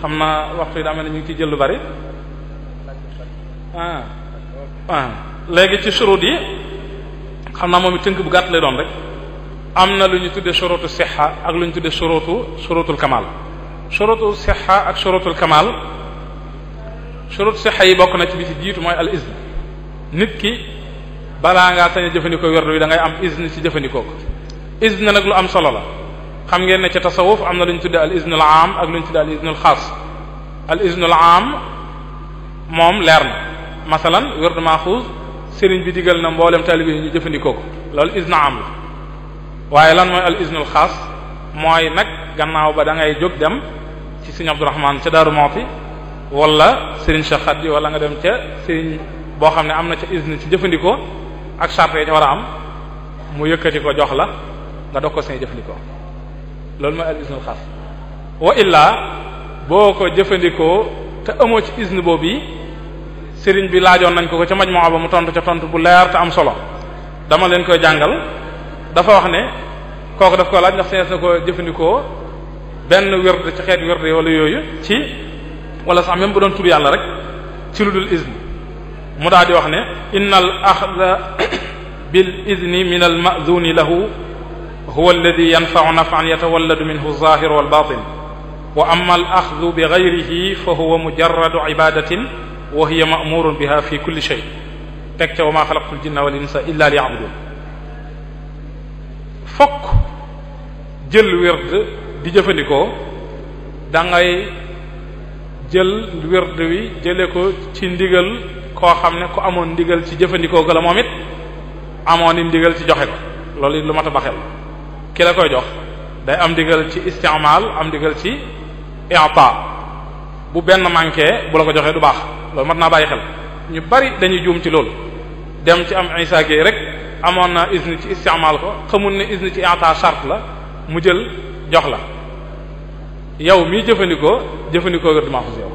xam na waxtu yi daa ne ñu ngi ciy jël lu bari ah ah léegi ci surut yi xam naa moom it tënk bu gàtt lay doon rek am na lu ñu tuddee sorotu sixa ak lu ñu tuddee sorotu sorotul kamal sorotu sixa ak sorotul kamal sorotu sixa yi bokk na ci bi ci jiitu mooy al izn nit ki balaa ngaa sañ a jëfandikoo werdu yi da ngay am izn ci jëfandikoo ko izn nag lu am solo la xam ngeen ne ci tasawuf am na lu ñu tuddee al izn al am ak lu ñu tuddee al izn al xaas al izn al am moom leer na masalan werdu maxuus sëriñ bi digal na mboolem taalibe yi ñu jëfandikoo ko loolu isna am la waaye lan mooy al isnul xaas mooy nag gannaaw ba dangay ngay jóg dem ci sëriñ Abdourahman ca Darou Moukhty wala sëriñ Cheikh Khadi wala nga dem ca sëriñ boo xam ne am na ca isne ci jëfandikoo ak charte yi ca war a am mu yëkkati ko jox la nga dox ko seen jëfandikoo loolu mooy al isnul xaas wa illaa boo ko jëfandikoo te amoo ci isne boobu yi sëriñ bi laajoon nañ ko ko ca majmuwa ba mu tontu ca tontu bu leer te am solo dama leen koy jàngal dafa wax ne kooku def ko laaj ndax sees na ko jëfandikoo benn wird ci xeet wird wala yooyu ci wala sax même bu doon tur yàlla rek ci lu dul isne mu daal di wax ne innal axda bil izni min al ma'zuni lahu huwa alladhi yanfa'u naf'an yatawalladu minhu az-zahir wal batin wa amma al axdu bi ghayrihi fa huwa mujarradu ibadatin wa hiya bi biha fi kulli shay teg ca wa ma xalaqtul jinna wal insa illa fokk jël wird di jëfandikoo da jël wird wi jële ko ci ndigal koo xam ne ku amoon ndigal ci jëfandikoo ko la moom it amoon ndigal ci joxe ko loolu lu mat a baxel ki la koy jox day am ndigal ci istimal am ndigal ci i'ta bu benn manqué bu la ko joxee du baax loolu mat naa bàyyi xel ñu bari dañuy juum ci loolu dem ci am Isa Gueye rek amoon na isni ci istimal ko xamul ne isni ci ata charte la mu jël jox la yow mii jëfandikoo jëfandikoo wér du mahfuz yow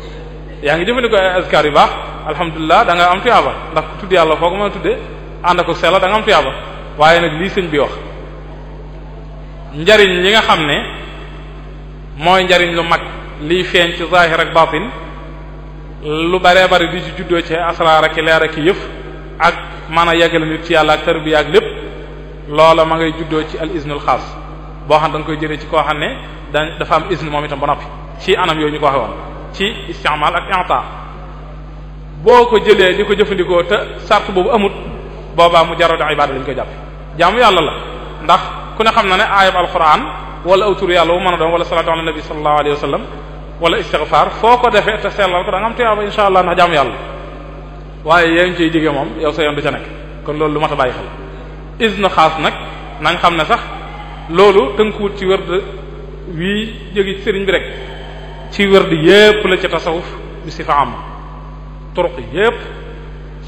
yaa ngi jëfandikoo ay azkar yu baax alhamdulilah danga nga am tuyaaba ndax tudd yàlla foo ko mën a tuddee ànd ako sell da nga am tuyaaba waaye nag lii sëñ bi wax njariñ li nga xam ne mooy njariñ lu mag liy feeñ ci zaahir ak baatin lu baree bari di ci juddoo ci asraar ak leer ak yëf ak mën a yeggale nit ci yàlla ak tarbiya ak lépp loola ma ngay juddoo ci al isnul xaas boo xam da koy jëlee ci koo xam ne da dafa am isne moom itam ba noppi ci anam yooyu ñu ko waxe woon ci istimal ak inta boo ko jëlee di ko jëfandikoo te sart boobu amut boobaa mu jaroo da ibada lañ koy jàpp jaamu yàlla la ndax ku ne xam na ne ayab alquran wala autour yàlla wu mën a doon wala salatu ala nabi sallallahu alayhi wa sallam wala istighfar foo ko defe te sellal ko da am tuyaaba insha allah ndax jaamu yàlla waaye yéen ciy jigee moom yow sa yoon du ca nekk kon loolu lu mat a bàyyi xel isna xaas nag na xam ne sax loolu tënkuwut ci wërd wii jóge sëriñ bi rek ci wërd yépp la ci tasawuf bi si fa am turuq yépp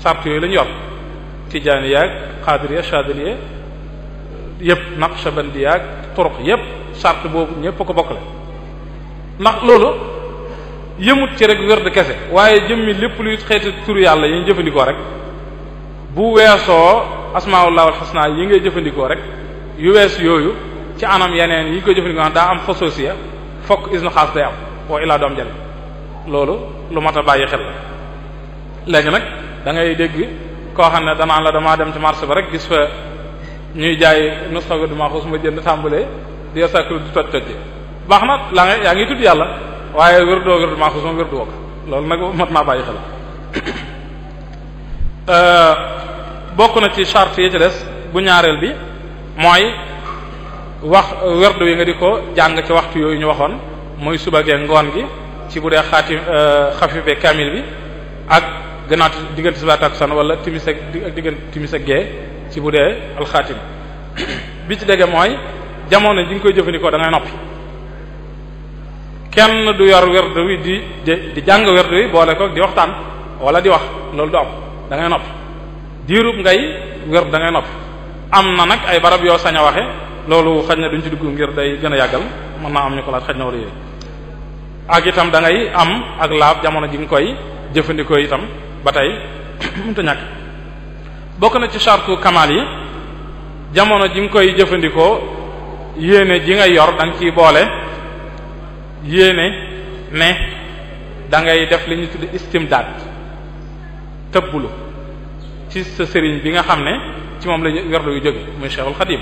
sart yooyu la ñu yor tijaani yaag xaadiriya shadiliya yépp naqshabandiyaag turuq yépp sart boobu ñépp ko bokkale ndax loolu yëmut ci rek werd kese waaye jëmmi lépp luy xeeti tur yàlla yi ñu jëfandikoo rek bu weesoo asmaullahul xasna yi ngay jëfandikoo rek yu wees yooyu ci anam yeneen yi ñu koy jëfandikoo daa am xasoosia fokk isnu xaas day am wa illaa doom jël loolu lu mat bàyyi xel la léegi nag dangay dégg koo xam ne danaa la damaa dem ci marché ba rek gis fa ñuy jaay nus xaga duma xus ma jënd tàmbalee di yosaklo di toj toj baax na laa nga yaa ngi tudd yàlla waaye wér-doo wér maa ko sama wér-doo loolu nag mat naa bàyyi xel euh, bokk na ci charte yi ci des bu ñaareel bi mooy wax wérdu yi nga di ko jàng ci waxtu yooyu ñu waxoon muy suba gee ngoon gi ci bu dee xaati euh, xafife kamil bi ak gannaaw diggante suba takkusaan wala timis ak diggante timis ak gee ci bu dee alxaatim bi ci dégg mooy jamono ji nga koy jëfandikoo da ngay noppi. kenn du yor werd wi di di jàng werd wi boole ko di waxtaan wala di wax loolu du am da ngay noppi diirub ngay werd da ngay am na nag ay barab yoo sañ a waxe loolu xaj na duñ ci dugg ngir day gën a yàggal mën naa am ñu ko laaj xaj na wala yooyu ak itam da am ak laab jamono ji nga koy jëfandikoo itam ba tey mënta na ci chartu kamal yi jamono ji nga koy jëfandikoo yéene ji ngay yor da nga ciy boole yéene ne da ngay def li ñu tudd istimdaad tëbbulu ci sa sëriñ bi nga xam ne ci moom la ñu werlu yu jóge muy Cheikhul Xadim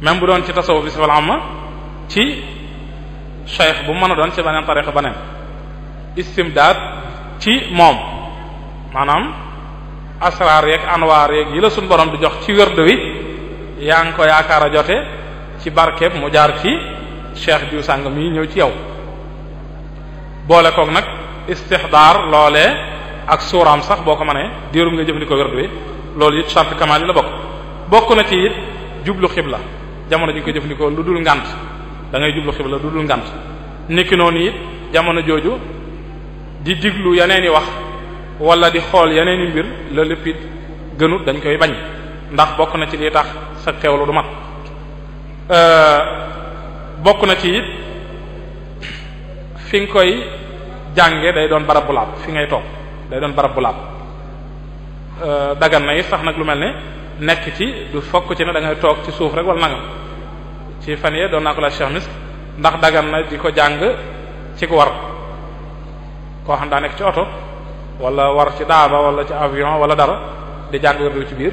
même bu doon ci tasawuf bi si am ci cheikh bu mën a doon ci beneen tarixa beneen istimdaad ci moom maanaam asraar yeeg anwaar yeeg yi la suñ borom di jox ci werdu wi yaa ngi ko yaakaar a jote ci barkeb mu jaar ci cheikh diw sàng mi ñëw ci yow boole koog nag istixdaar loole ak suuraam sax boo ko mënee diirum nga jëfandikoo werd wi loolu it charte kamal yi la bokk bokk na ci it jublu xibla jamono ji nga koy jëfandikoo lu dul ngant da ngay jublu xibla lu dul ngant nekki noonu it jamono jooju di diglu yeneen i wax wala di xool yeneen i mbir la lépp gënut dañ koy bañ ndax bokk na ci li tax sa xewlu du mat euh, bokk na ci it fi nga koy jànge day doon barab bu laab fi ngay toog day doon barab bu laab euh, dagan na it sax nag lu mel ne nekk ci du fokk ci ne dangay toog ci suuf rek wala nangam ci fan yee doon naa ko laaj Cheikh Misk ndax dagan na di ko jàng ci ko war koo xam daa nekk ci oto wala war ci daaba wala ci avion wala dara di jàng wér ci biir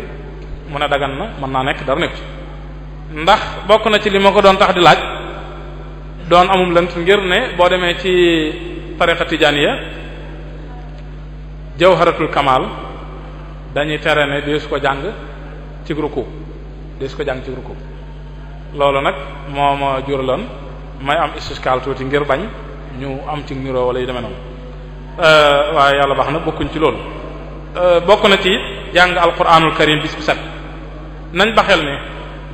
mu ne dagan na mën naa nekk dara nekk ci ndax bokk na ci li ma ko doon tax di laaj doon amum lënt ngir ne boo demee ci tariqa tijaaniya jawharatul kamal dañuy tere ne deesu ko jàng ci ruku deesu ko jàng ci ruku loolu nag moo ma juraloon may am istiskaal tuuti ngir bañ ñu am ci niroo wala yu demee noonu euh, waaye yàlla baax na bokkuñ ci loolu euh, bokk na ci jàng alquranul karim bis bu nañ baxel ne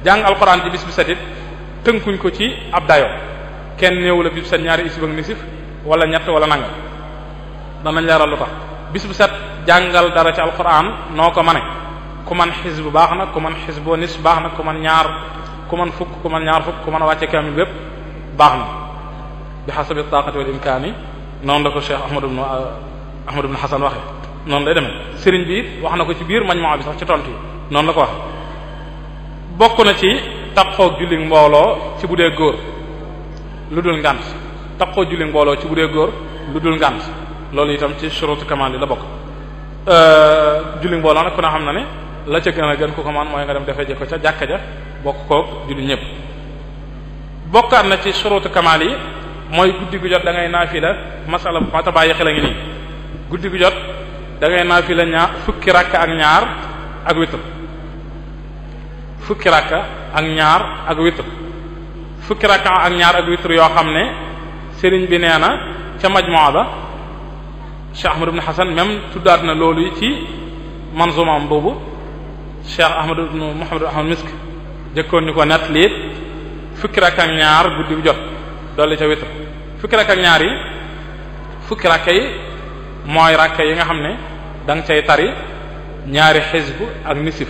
jàng alquran ci bis bu tënkuñ ko ci ab dayo kenn ñëwu la bis bu set ñaari isib ak nisif wala ñett wala nangam danañ leeral lu tax bis bu set jàngal dara ci alquran noo ko mane ku man xis bu baax na ku man xis boo nis baax na ku man ñaar ku man fukk ku man ñaar fukk ku man wàcce kaamil bépp baax na bi xasabi taqati wal imkaani noon la ko cheikh ahmad ibn ah, ahmad ibn hasan waxe noonu lay demee sëriñ bi wax na ko ci biir majmu'a bi sax ci tontu yi noonu la ko wax bokk na ci taqoog julli mbooloo ci bu dee góor lu dul ngànt taqoo julli mbooloo ci bu dee góor lu dul ngànt loolu itam ci shurutu kamal yi la bokk euh, julli mbooloo nag ku na xam na ne la ca gën a gën ku ko man mooy nga dem defee ji ko ca jàkka ja bokk koog julli ñëpp bokkaat na ci shurutu kamal yi mooy guddi gu jot da ngay naafila masala bu mata bàyyi xel ngi nii guddi gu jot da ngay la ñaar fukki rakk ak ñaar ak witr ak ñaar ak fukki rakka ak ñaar ak witr yoo xam ne sëriñ bi nee na ca majmuwa ba Cheikh Ahmad ibn Hasan même tuddaat na loolu yi ci manzumam boobu Cheikh Ahmad ibn Muhammad Ahmad Misk jëkkoon ñu ko nett liit fukki rakka ak ñaar guddi jot dolli ca witr fukki rakka ak ñaar yi fukki rakka yi mooy rakka yi nga xam ne danga cay tari ñaari xisbu ak nisif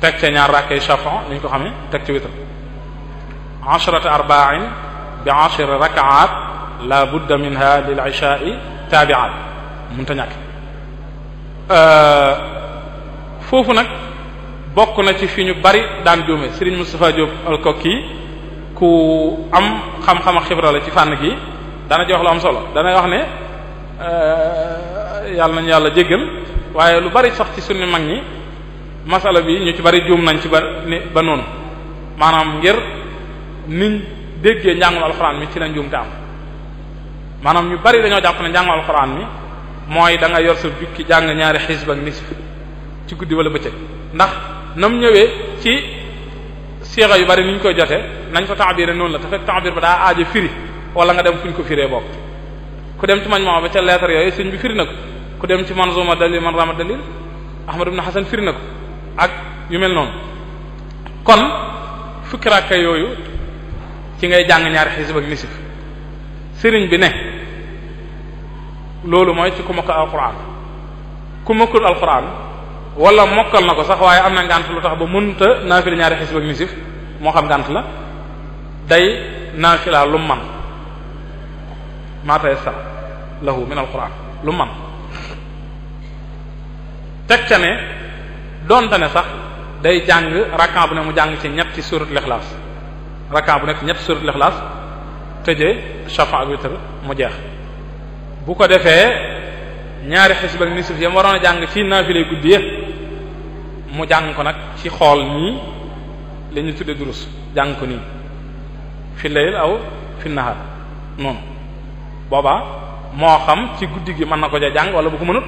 teg ca ñaar rakka yi chafon ni ñu ko xamee teg ci witr ashrata arba'in bi ashri rak'at la budda minha ay isha'i tabi'at mënta ñàkk foofu nag bokk na ci fi ñu bari daan juume Serigne Moustapha Diop al-Kokki ku am xam-xam ak xibra la ci fànn gi dana jox la am solo dana wax ne yàlla nañu yàlla jéggal waaye lu bari sax ci suñu mag ñi masala bi ñu ci bari juum nañ ci ba ba noonu maanaam ngir niñ déggee njàngul alxuraan mi ci la njuumte am maanaam ñu bari dañoo jàpp na njàngul alxuraan mi mooy da nga yor sa jukki jàng ñaari xisb ak nisf ci guddi wala bëccëg ndax nam ñëwee ci siixa yu bari ni ñu koy jotee nañ ko taabire noonu la te fekk taabir ba daa aajo firi wala nga dem fu ñu ko firee bokk ku dem ci majmaa ba ca leetar yooyu sëñ bi firi na ko ku dem ci manzuma dalil man rama dalil ahmad ibn hasan firi na ko ak yu mel noonu kon fukki yooyu ci ngay jàng ñaari xisib ak nisif sëriñ bi ne loolu mooy ci ku mokkal alquran ku mokkul alquran wala mokkal na ko sax waaye am na ngànt lu tax ba mënta naafila ñaari xisib ak nisif moo xam ngànt la day naafila lu man maatay sax lahu min alquran lu man teg ca ne donte ne sax day jàng rakkan bu ne mu jàng ci ñetti suuratul ixlaas rakka bu nekk ñett suratul ixlaas tëjee chafa ak witr mu jeex bu ko defee ñaari xisb ak fi yam waroon a jàng ci naafilay guddi ya mu jàng ko nag ci xool nii la ñu tudde durus jàng ko nii fi layl aw fi nahar noonu boobaa moo xam ci guddi gi mën na ko ja jàng wala bu ko mënut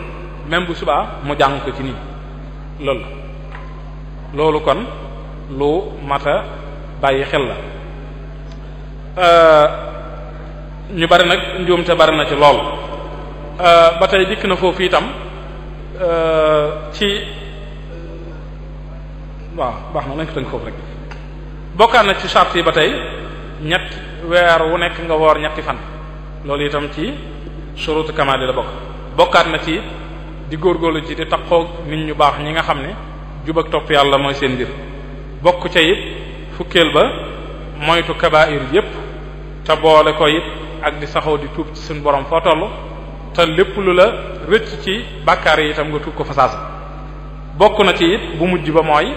même bu subaa mu jàng ko ci nii loolu loolu kon lu mata bàyyi xel la euh, ñu bari nag njuumte bari na ci lool euh, ba tey dikk na foofu itam euh, ci waaw baax na nañ ko tënk foofu rek bokkaat na ci charte yi ba tey ñett weer wu nekk nga woor ñetti fan loolu itam ci shurutu kamaal yi bokk bokkaat na ci di góor góorgóorlu ci di taqoog nit ñu baax ñi nga xam ne jub topp yàlla mooy seen mbir bokk ca it fukkeel ba moytu kabaayir yépp te boole ko it ak di saxoo di tuub ci suñu borom foo toll te lépp lu la rëcc ci bàkkaar yi itam nga tuub ko fasaasa bokk na ci it bu mujj ba mooy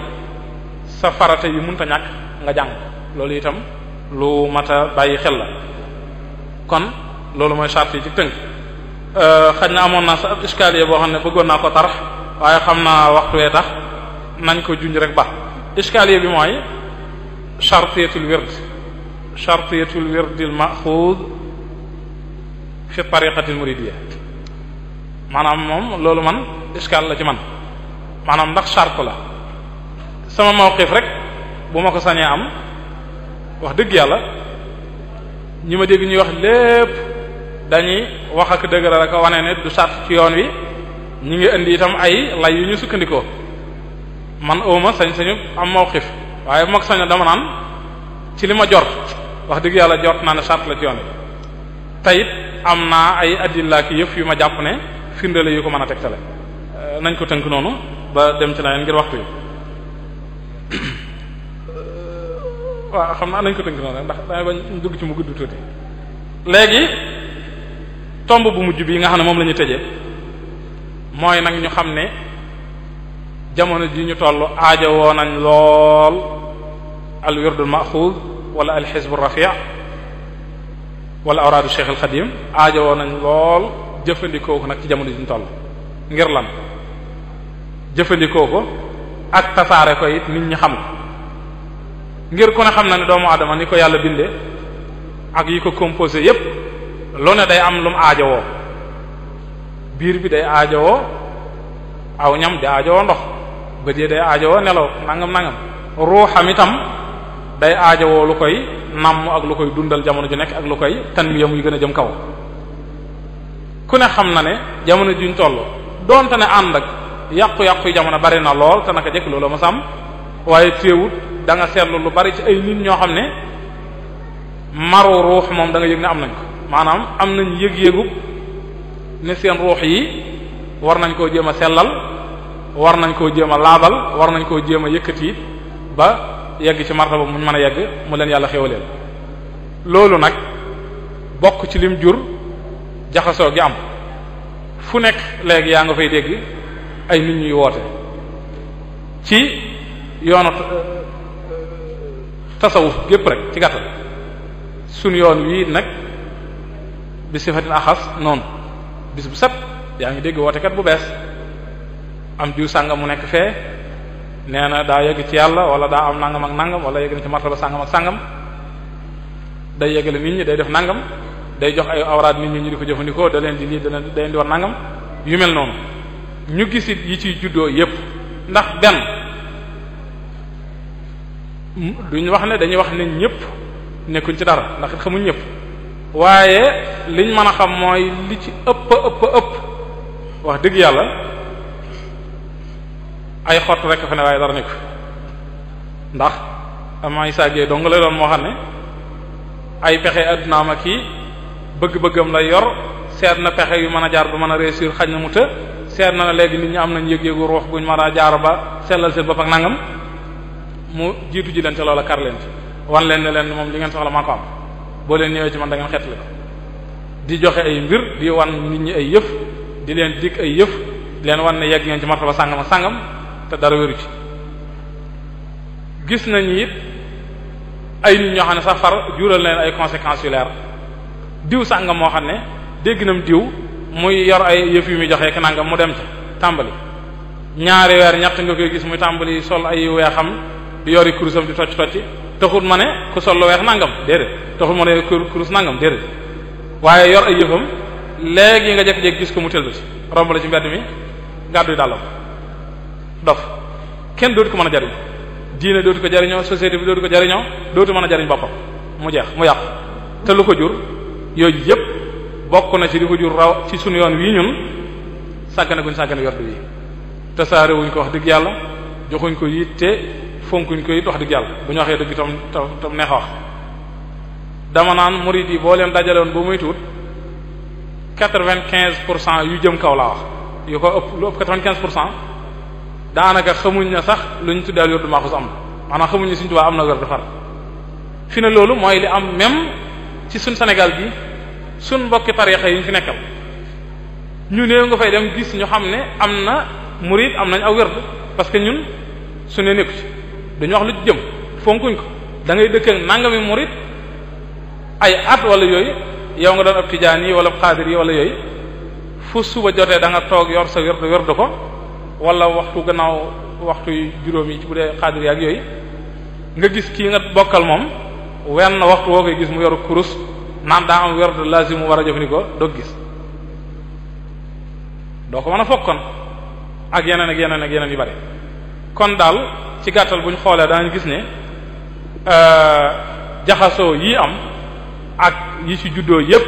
sa farata yi mënta ñàkk nga jàng loolu itam lu mat bàyyi xel la kon loolu mooy charte yi ci tënk euh, xaj na amoon naa sa ab iskaliye boo xam ne bëggoon naa ko tarax waaye xam naa waxtu wee tax nañ ko junj rek ba iskaliye bi mooy chartiyatul wird chartiyatul wirdil maxuud fi tariqatil muridiyya maanaam moom loolu man iskaal la ci man maanaam ndax charte la sama mawqif rek bu ma ko sañee am wax dëgg yàlla ñi ma dégg ñuy wax lépp dañuy wax ak dëgëral ak wane ne du charte ci yoon wi ñu ngi indi itam ay lay yu ñu sukkandikoo man awma sañ-sañu am mawqif waaye bu ma dama naan ci li ma jort wax dëgg yàlla jort naa ne charte la ci yoon tey am na ay adilla ki yëpp yu ma jàpp ne firndale yu ko mën a tegtale euh, nañ ko tënk noonu ba dem ci leneen ngir waxtu yi waa xam naa nañ ko tënk noonu ndax damay ba ñu dugg ci mu gudd tuuti léegi tomb bu mujj bi nga xam ne moom lañu tëje tëjee mooy nag ñu xam ne jamono ji ñu toll aajo woo nañ lool al wirdul maxuud wala al xisbu walla wala awraadu Cheikh al Xadim aajo woo nañ lool jëfandikoo ko nag ci jamono ji ñu ngir lan jëfandikoo ko ak tasaare ko it nit ñi xam ko ngir ku ne xam na ne doomu adama ni ko yàlla bindee ak yi ko composé yépp lu ne day am lum aajo woo biir bi day aajowoo aw ñam di aajowoo ndox bët yi day aajowoo nelaw nangam nangam ruuxam itam day aajowoo lu koy namm ak lu koy dundal jamono ju nekk ak lu koy tanmiya muy gën a jëm kaw ku ne xam na ne jamono juñ toll doonte ne ànd ak yàqu-yàqu yi jamono bari na lool te naka jëkk loolu ma sàmm waaye téewut da nga seetlu lu bari ci ay nit ñoo xam ne maru ruux moom da yëg ne am nañ ko maanaam am nañ yëg-yëgu ne seen ruux yi war nañ koo jéem a sellal war nañ koo jéem a laabal war nañ koo jéem a yëkkati ba yegg ci martaba mu mën a yegg mu leen yàlla xéwaleel loolu nag bokk ci lim jur jaxasoo gi am fu nekk léegi yaa nga fay dégg ay nit ñuy woote ci yoonu euh, euh, tasawuf gépp rek ci gàttal suñu yoon wii nag bi sifatin axas noonu bis bu set yaa ngi dégg wootekat bu bees am diw sàngam mu nekk fee nee na daa yegg ci yàlla wala daa am nangam ak nangam wala yegg na ci martaba sàngam ak sàngam day yeggale nit ñi day def nangam day jox ay awraad nit ñi di ko jëfandikoo daleen di lii da leen da leen di war nangam yu mel noonu ñu gisit yi ciy juddoo yépp ndax benn duñ wax ne dañuy wax ne ñépp nekkuñ ci dara ndax it xamuñ ñépp waaye liñ mën a xam mooy li ci ëpp ëpp ëpp wax dëgg yàlla ay xott rekk fa ne waaye dara ne ko ndax ama Issa Gueye dong lay doon moo xam ne ay pexe addunaam ak yi bëgg-bëggam lay yor seet na pexe yu mën a jaar ba mën a réussir xaj na mu të seet na léegi nit ñi am nañ yëg-yëgu ruux guñ mën a jaar ba sellal seen bopp ak nangam mu jiitu ji leen ca loola kar leen ci wan leen ne leen moom li ngeen soxla maa ko am boo leen ñëwee ci man da ngeen xeetli di joxe ay mbir di wan nit ñi ay yëf di leen dikk ay yëf di wan ne yegg ngeen ci martaba sàngam ak sàngam te dara wéru ci gis nañu it ay nit ñoo xam ne sax far jural leen ay conséquences yu leer diw sax nga moo xam ne dégginam nam diw muy yor ay yëf yu muy joxe ka nangam mu dem ci tàmbali ñaari weer ñett nga koy gis muy tàmbali sol ay weexam di yori kurusam di tocc tocc taxut ma ne ku sol lu weex nangam déedéet taxut ma ne kurus nangam déedéet waaye yor ay yëfam léegi nga jekk-jekk gis ko mu tëlbati romb la ci mbedd mi gàddu yi dàllam dof kenn dootu ko mën a jariñ diine dootu ko jariñoo société bi dootu ko jariñoo dootu mën a jariñ boppam mu jeex mu yàq te lu ko jur yooyu yépp bokk na ci li ko jur raw ci sunu yoon wii ñun sàggane guñ sàggane yor bi te saare wuñ ko wax dëgg yàlla joxuñ ko te fonkuñ ko it wax dëgg yàlla bu ñu waxee dëgg tam tam neex wax dama naan murid yi boo leen dajaloon ba muy tuut vingt quinze pour cent yu jëm kaw laa wax yu ko ëpp lu ëpp pour cent daanaka xamuñ ne sax lu ñu tuddee wérdu maaxus am maanaam xamuñ ne suñ tubaa am na wérdu far fi ne loolu mooy li am même ci suñ senegal bi suñ mbokki tarixa yi ñu fi nekkal ñu néew nga fay dem gis ñu xam ne am na murid am nañ aw wérdu parce que ñun su ne nekku ci duñu wax lu ci jëm fonkuñ ko da ngay dëkk ak nangami murid ay at wala yooyu yow nga doon ab tijaan yi wala xaadir yi wala yooyu fu suba jotee da nga toog yor sa wérdu wérdu ko wala waxtu gannaaw waxtu juróom yi ci bu dee xaadir yi ak yooyu nga gis kii nga bokkal moom wenn waxtu woo koy gis mu yoru kurus naan daa am werd lazim mu war a jëfandikoo doo gis doo ko mën a fokkoon ak yeneen ak yeneen ak yeneen yu bari kon daal ci gàttal bu ñu xoolee danañ gis ne euh, jaxasoo yi am ak yi ci juddoo yépp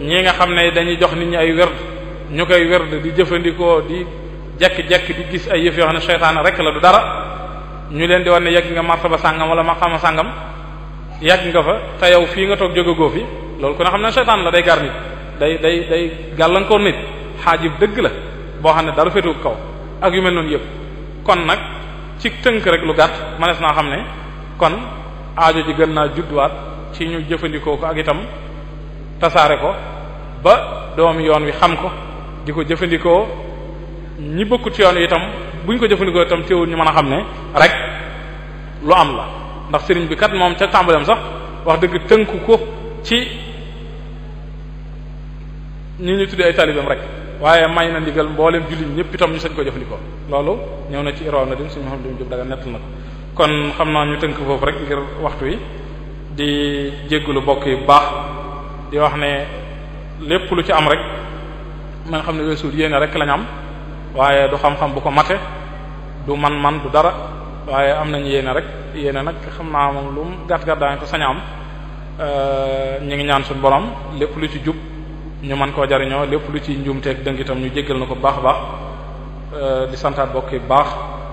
ñi nga xam ne dañuy jox nit ñi ay werd ñu koy werd di jëfandikoo di jekki-jekki di gis ay yëf yoo xam ne seytaane rek la du dara ñu leen di wan ne yegg nga ba sàngam wala maqama sàngam yegg nga fa te yow fii nga toog jóge goo fi loolu ku ne xam ne seytaane la day gar nit day day day gàllankoor nit xaajib dëgg la boo xam ne dara féetu kaw ak yu mel noonu yëpp kon nag ci tënk rek lu gàtt manees naa xam ne kon aajo ji gën naa judduwaat ci ñu jëfandikoo ko ak itam tasaare ko ba doom yoon wi xam ko di ko jëfandikoo ñi bokkut ci yoon itam buñ ko jëfandikoo itam teewul ñu mën a xam ne rek lu am la ndax sëriñ bi kat moom ca tàmbaleem sax wax dëgg tënku ko ci ñu ñu tuddee ay taalibeem rek waaye may na ndigal mboolem jullit ñëpp itam ñu sañ ko jëfandikoo loolu ñëw na ci iroo na dim suñu xam dim jób daga nett na ko kon xam naa ñu tënk foofu rek ngir waxtu yi di jéggulu bokk yi baax di wax ne lépp lu ci am rek ma nga xam ne weesuul yéene rek lañu am waaye du xam-xam bu ko mate du man-man du dara waaye am nañu yéene rek yéene nag xam naa moom lu mu gàtt-gàtt daañu ko sañ am ñu ngi ñaan suñ borom lépp lu ci jub ñu mën koo jariñoo lépp lu ci njuumteeg dëng itam ñu jéggal na ko baax a baax di santaat bokk yi baax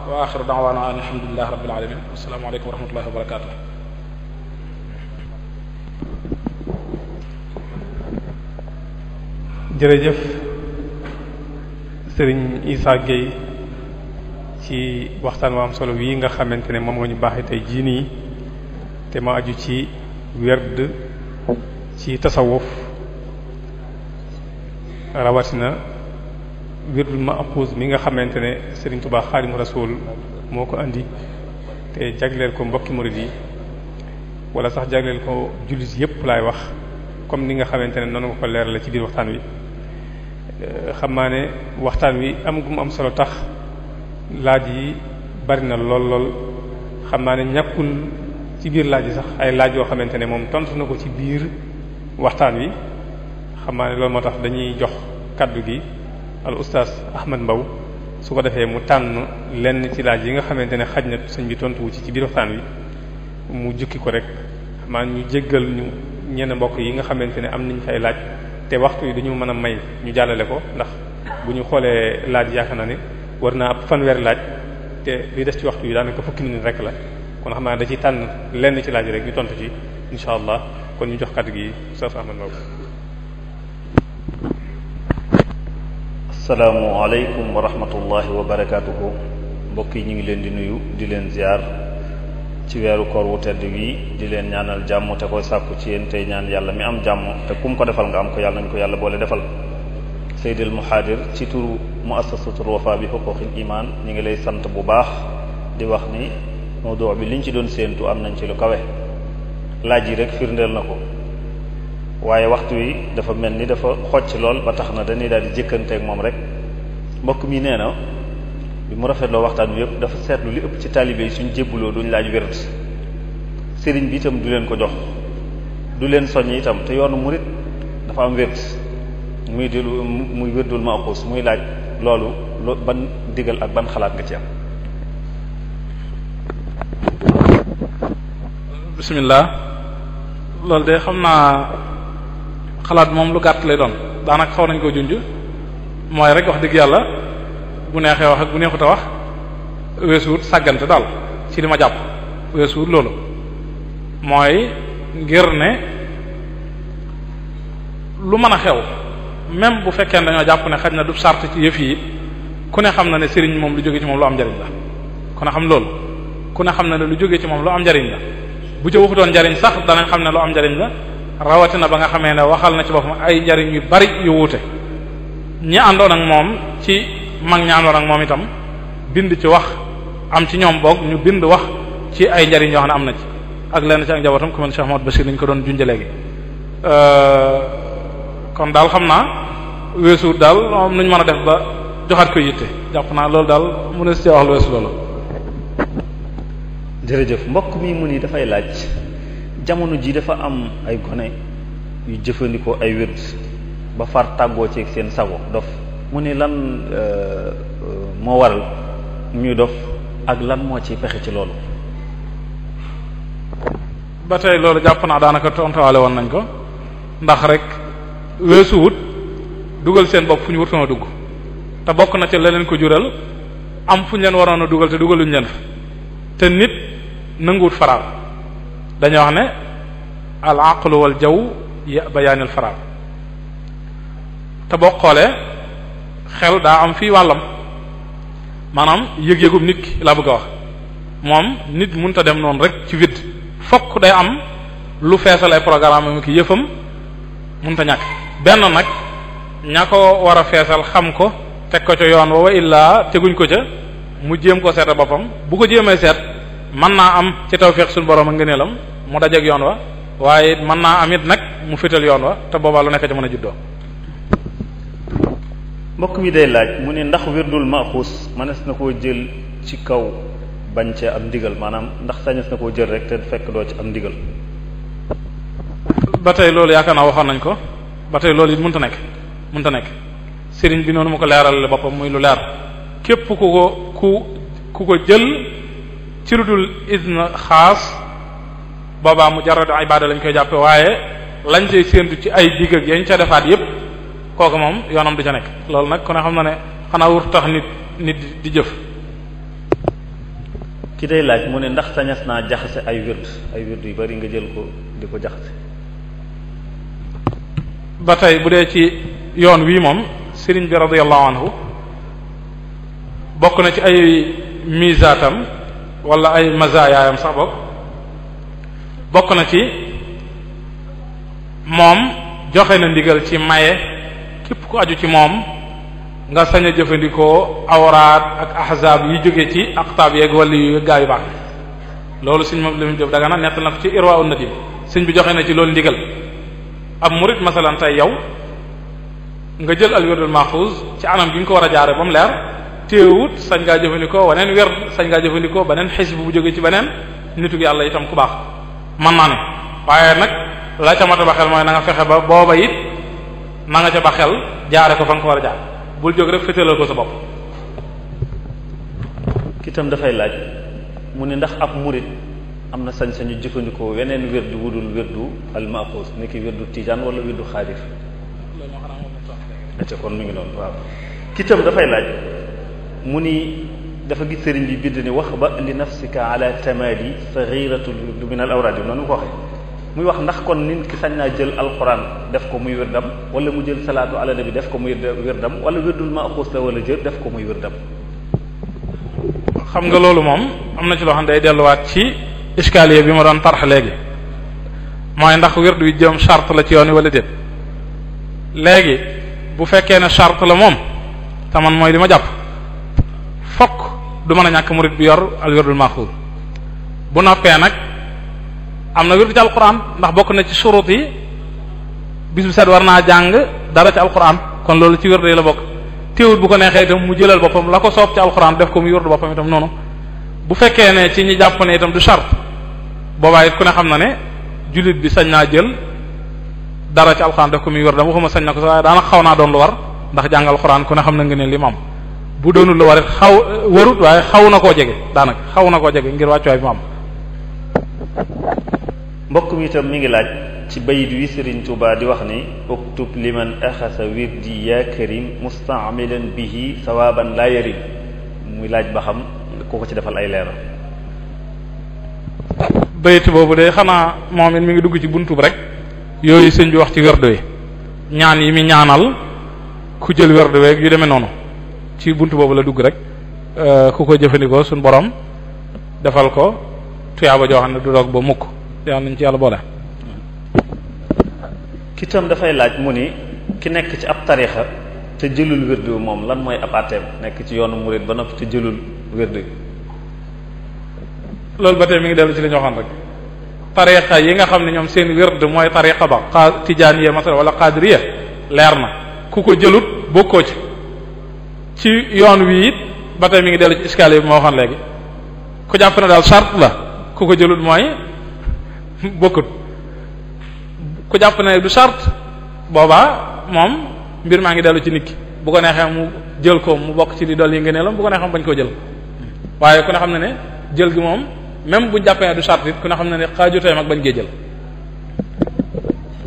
wa axiru da'wana alhamdulillahi rabbil alamin assalamu alaykum wa wa barakatuh sëriñ Issa Gueye ci waxtaan wa am solo wi nga xamante ne moom nga ñu baaxee tey jii nii te ma aju ci werd ci tasawuf rawatina wirdul maaxuus mi nga xamante ne sëriñ Tuubaa Xaadimu Rasuul moo ko indi te jagleel ko mbokki murid yi wala sax jagleel ko jullit yépp laay wax comme ni nga xamante ne noonu nga ko la ci biir waxtaan wi Euh, xam ne waxtaan wi am gu mu am solo tax laaj yi bari na lool lool xam naa ne ñàkkul ci biir laaj yi sax ay laaj yoo xamante ne moom tontu na ko ci biir waxtaan wi xam naa ne loolu moo tax dañuy jox kàddu gi al ustaas Ahmad Mbaw su ko defee mu tànn lenn ci laaj yi nga xamante ne xaj na sëñ bi tontu wu ci ci biir waxtaan wi mu jukki ko rek xam naa ñu jéggal ñu ñenn mbokk yi nga xamante ne am nañ fay laaj. te waxtu yi duñu mën a may ñu jàllale ko ndax bu ñu xoolee laaj yaakaar na ni war naa ab fanweeri laaj te li des ci waxtu yi daanaka fukki minute rek la kon xam naa da ciy tànn lenn ci laaj rek ñu tontu ci insha allah kon ñu jox kàddu gi Oustaz Ahmad Mbaw asalaamualeykum wa rahmatullahi wa ko mbokk yi ñu ngi leen di nuyu di leen ziar ci weeru koor wu tedd wii di leen ñaanal jàmm te koy sàkku ci yéen tey ñaan yàlla mi am jàmm te kum ko defal nga am ko yàlla nañ ko yàlla boole defal Seydil Muhadir ci turu muassasatul Wafa bi xuquqil imaan ñu ngi lay sant bu baax di wax ni mawdu bi liñ ci doon séentu am nañ ci lu kawe laaj yi rek firndeel na ko waaye waxtu wi dafa mel ni dafa xocc lool ba tax na dañuy daal jëkkante jëkkanteeg moom rek mbokk mi nee na bi mu rafetloo waxtaan wi yëpp dafa seetlu li ëpp ci taalibe yi suñ jébbuloo duñ laaj wérd sëriñ bi itam du leen ko jox du leen soññ itam te yoonu murit dafa am wérd muy di muy wérdul maaxuus muy laaj loolu loo ban digal ak ban xalaat nga ci am. loolu de xam naa xalaat moom lu gàtt lay doon daanaka xaw nañ koo junj mooy rek wax dëgg yàlla. bu neexee wax ak bu neexut a wax weesuut sàggante daal ci li ma jàpp weesuut loolu mooy ngir ne lu mën a xew même bu fekkee ne jàpp ne xaj na du sart ci yëf yi ku ne xam na ne sëriñ moom lu jóge ci moom lu am njariñ la ku ne xam loolu ku ne xam na ne lu jóge ci moom lu am njariñ la bu ca waxutoon njariñ sax danañ xam ne lu am njariñ la rawatina ba nga xamee ne waxal na ci boppam ay njariñ yu bari yu wuute ñi àndoon ak moom ci mag ña àndoon ak moom itam bind ci wax am ci ñoom boog ñu bind wax ci ay njariñ yoo xam ne am na ci ak lenn ci ak njabootam ku mel ni ñu ko doon junjee léegi euh, kon daal xam naa weesu daal am nu a def ba joxaat ko yitte jàpp naa loolu daal mu ne si wax lu weesu loolu. jërëjëf mbokk mi mu ni dafay laaj jamono ji dafa am ay gone yu jëfandikoo ay wér ba far tàggoo ci seen sago dof mu ni lan euh, euh, moo waral ñuy dof ak lan moo ci pexe ci loolu ba tey loolu jàpp naa daanaka tontuwaale woon nañ ko ndax rek weesu wut dugal seen bopp fu ñu warutoon a dugg te bokk na ca leneen ko jural am fu ñu leen waroon a dugal te dugaluñu leen te nit nanguwut faraal dañoo wax ne al aqlu wal jaw ya bayaanil faraal te boo xew daa am fii wàllam maanaam yëg-yëgum nit laa bëgg wax moom nit mënta dem noonu rek ci vide fokk day am lu feesal ay programme am ki yëfam mënta ñàkk benn nag ña ko war a feesal xam ko teg ko ca yoon wa wa illaa teguñ ko ca mu jéem ko seeta boppam bu ko jéemee seet mën naa am ci tawfeex suñu borom a ngëneelam mu dajeeg yoon wa waaye mën naa am it nag mu fétal yoon wa te boobaa lu nekk ca mën a juddoo mbokk mi dey laaj mu ne ndax wér wirdul maxuus mënees na koo jël ci kaw bañ ci am ndigal maanaam ndax sañees na koo jël rek te fekk doo ci am ndigal ba tey loolu yaakaar naa waxoon nañ ko ba tey loolu it ta nekk mënta nekk sëriñ bi noonu mu ko leeral boppam muy lu leer képp ku ko ku ku ko jël ci lu dul izn xaas boobaa mujarrad ibada lañ koy jàppe waaye lañ cay séentu ci ay digg ak yañ ca defaat yépp kooku moom yoonam du ca nekk loolu nag ku ne xam na ne xanaa wur tax nit nit di jëf ki day laaj mu ne ndax sañas naa jaxase ay wird ay wird yu bari nga jël ko di ko jaxase ba tey bu dee ci yoon wii moom sëriñ bi radiyallahu anhu bokk na ci ay misaatam walla ay mazaayaayam sax bokk bokk na ci moom joxe na ndigal ci maye ku aju ci moom nga sañ a jëfandikoo awraat ak ahzaab yi jóge ci aqtaab yeeg wala yu gaa yu baax loolu sëñ moom Lamine Diop Dagana nettal na ko ci Irwaa'u Nadim sëñ bi joxe na ci loolu ndigal ab murit masalan tey yow nga jël al wirdul mahfuz ci anam gi nga ko war a jaare ba mu leer téewut sañ ngaa jëfandikoo waneen werd sañ ngaa jëfandikoo beneen xisb bu jóge ci beneen nitu yàlla itam ku baax mën naa ne waaye nag la ca mat a mooy na ma nga ca ba xel jaare ko fa nga ko war a jaar bul jóg rek fétalal ko sa bopp kitam dafay laaj mu ne ndax ab murit am na sañ-sañu jëfandikoo weneen wirdu wudul wirdu almaxuus ni ki wirdu tijaan wala wirdu xaadir te kon mu ngi noonu waaw kitam dafay laaj mu ni dafa gis sëriñ bi bind ni wax ba li nafsika ala tamadi fa xiiratul wirdu min al awraad yi noonu ko waxee muy wax ndax kon nit ki sañ naa jël alxuraan def ko muy wirdam wala mu jël salaatu ala nabi def ko muy wirdam wala wirdul ma xuus la wala jël def ko muy wirdam xam nga loolu moom am na ci loo xam day delluwaat ci iskaliye bi ma doon parax léegi mooy ndax wird wi jëm charte la ci yoon yi wala déet léegi bu fekkee ne charte la moom te mooy li ma jàpp fokk du mën a ñàkk murid bi yor al wirdul maxuud bu noppee nag am na wirdu ci alquran ndax bokk na ci surut yi bis bu set war naa jàng dara ci alquran kon loolu ci wirdu yi la bokk téewut bu ko neexee itam mu jëlal boppam la ko soob ci alquran def ko mu wirdu boppam itam noonu bu fekkee ne ci ñi jàpp ne itam du chart boobaa it ku ne xam na ne jullit bi sañ naa jël dara ci alquran def ko muy wirdam waxuma sañ na ko sax waaye daanaka xaw naa doon lu war ndax jàng alquran ku ne xam na nga ne li mu bu doonul lu xaw warut waaye xaw na koo jege daanaka xaw na koo jege ngir wàccuwaay bi mu mbokk mi itam mi ngi laaj ci bayit wi Sëriñ Tuubaa di wax ni uktub liman axasa wirdi yaa karim mustaamilan bihi sawaaban laa yarim muy laaj ba xam ku ko ci defal ay leeral bayit boobu de xanaa moom it mi ngi dugg ci buntub rek yooyu sëñ bi wax ci werdo ñaan yi mi ñaanal ku jël werdo weeg yu demee noonu ci bunt boobu la dugg rek euh, ku ko jëfandikoo suñ borom defal ko tuyaaba joo xam ne du doog ba mukk yàlla nañ ci yàlla kitam dafay laaj mu ni ki nekk ci ab tarixa te jëlul wirdu moom lan mooy ab àtteem nekk ci yoonu murid ba noppi te jëlul wirdu loolu ba tey mi ngi dellu ci li ñu waxoon rek tariqa yi nga xam ne ñoom seen wird mooy tariqa ba xa tijaaniya masala wala qadiriya leer na ku ko jëlut bokkoo ci ci yoon wi it ba tey mi ngi dellu ci escalier bi ma waxoon léegi ku jàpp ne daal charte la ku ko jëlut mooy bokkut ku jàpp ne du charte boobaa moom mbir maa ngi dellu ci nikki ki bu ko neexee mu jël ko mu bokk ci li dool yi ngëneelam bu ko neexee mu bañ koo jël waaye ku ne xam ne ne jël gi moom même bu jàppee du charte it ku ne xam ne ne xaajuteem ak bañ gee jël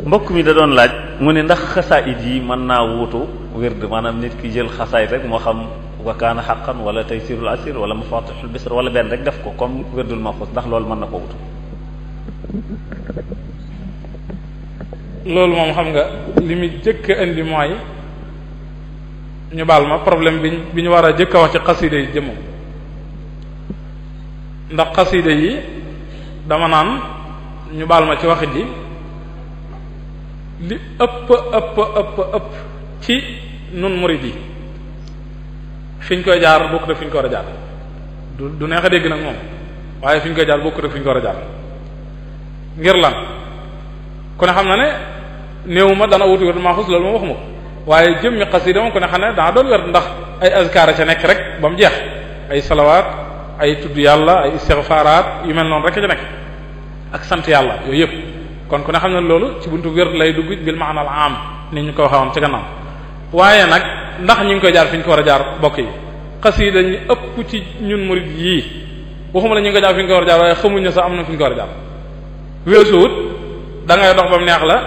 mbokk mi da laaj mu ne ndax xasaayit yi mën naa wutu wird maanaam nit ki jël xasaayit rek moo xam wakaana xaqan wala taysirul asir wala mafatihul bisr wala benn rek def ko comme wirdul mahfuz ndax loolu mën na ko loolu moom xam nga li muy jëkk a indi ñu baal ma problème bi bi ñu war a jëkk wax ci xasida yi jëmm ndax xasida yi dama naan ñu baal ma ci waxit yi li ëpp ëpp ëpp ci nun murid yi fi ñu koy jaar bokk fi ñu ko war a jaar du du neex a dégg nag moom waaye fi ñu koy jaar bokk na fi ñu ko war a jaar ngir lan ku ne xam na ne néew ma dana wuti wér maaxus loolu ma waxuma ko waaye jëmmi xasida moom ku ne xam ne dana doon wér ndax ay azkaara ca nekk rek ba mu jeex ay salawaat ay tudd yàlla ay istighfaraat yu mel noonu rek ca nekk ak sant yàlla yooyu yëpp kon ku ne xam ne loolu ci buntu wér lay dugg bil maanal am ni ñu ko waxoon ci gannaaw waaye nag ndax ñu ngi koy jaar fi ñu ko war a jaar bokk yi xasida ñu ëpp ci ñun murid yii waxuma am na fi a weesuwut da ngay dox ba neex la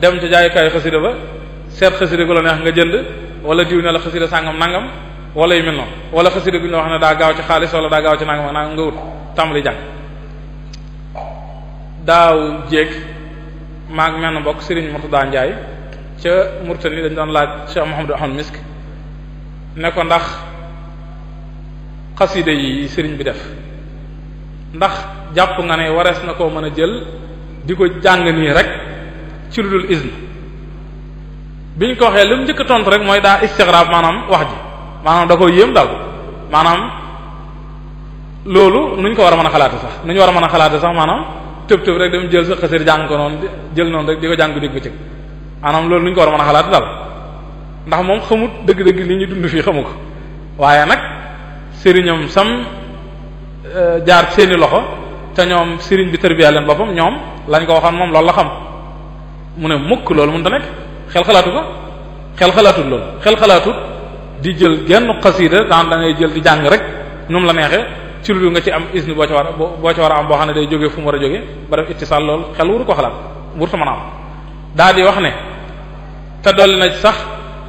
dem ca jaayukaay xasida ba seet xasida gu la neex nga jënd wala diw ne la xasida sàngam nangam wala yu mel noonu wala xasida gu ñu wax ne daa gaaw ci xaalis wala daa gaaw ci nangam nangam nga wut tàmbali jàng daaw jéeg maag menn mbokk Serigne Mourtada Ndiaye ca Mourtani dañ doon laaj Cheikh Mouhamadou Ahmad Misk ne ko ndax xasida yi sëriñ bi def ndax jàpp nga ne warees na koo mën a jël di ko jàng nii rek ci lu dul isne biñ ko waxee lu mu njëkk tontu rek mooy daa istigrab maanaam wax ji maanaam da ko yéem daal maanaam loolu nuñ ko war a mën a xalaate sax nuñ war a mën a xalaate sax maanaam tëb tëb rek dem jël sa xasir jàng ko noonu jël noonu rek di ko jàng ko dégg ba maanaam loolu nuñ ko war a mën a xalaate daal ndax moom xamut dëgg-dëgg li ñuy dund fii xamu ko waaye nag sëriñam Euh, jaar seeni loxo te ñoom sëriñ bi tërbiya leen boppam ñoom lañ ko waxoon moom loolu la xam mu ne mukk loolu mënut a nekk xel xalaatu ko xel xalaatut loolu xel di jël genn xasiida daan da ngay jël di jàng rek nu la neexee ci lu nga ci am isni boo ci war a boo ci war a am boo xam ne day jógee fu mu a jógee ba def ittisaal loolu xel wuru ko xalaat wurtu mën a am daa di wax ne te dolli na sax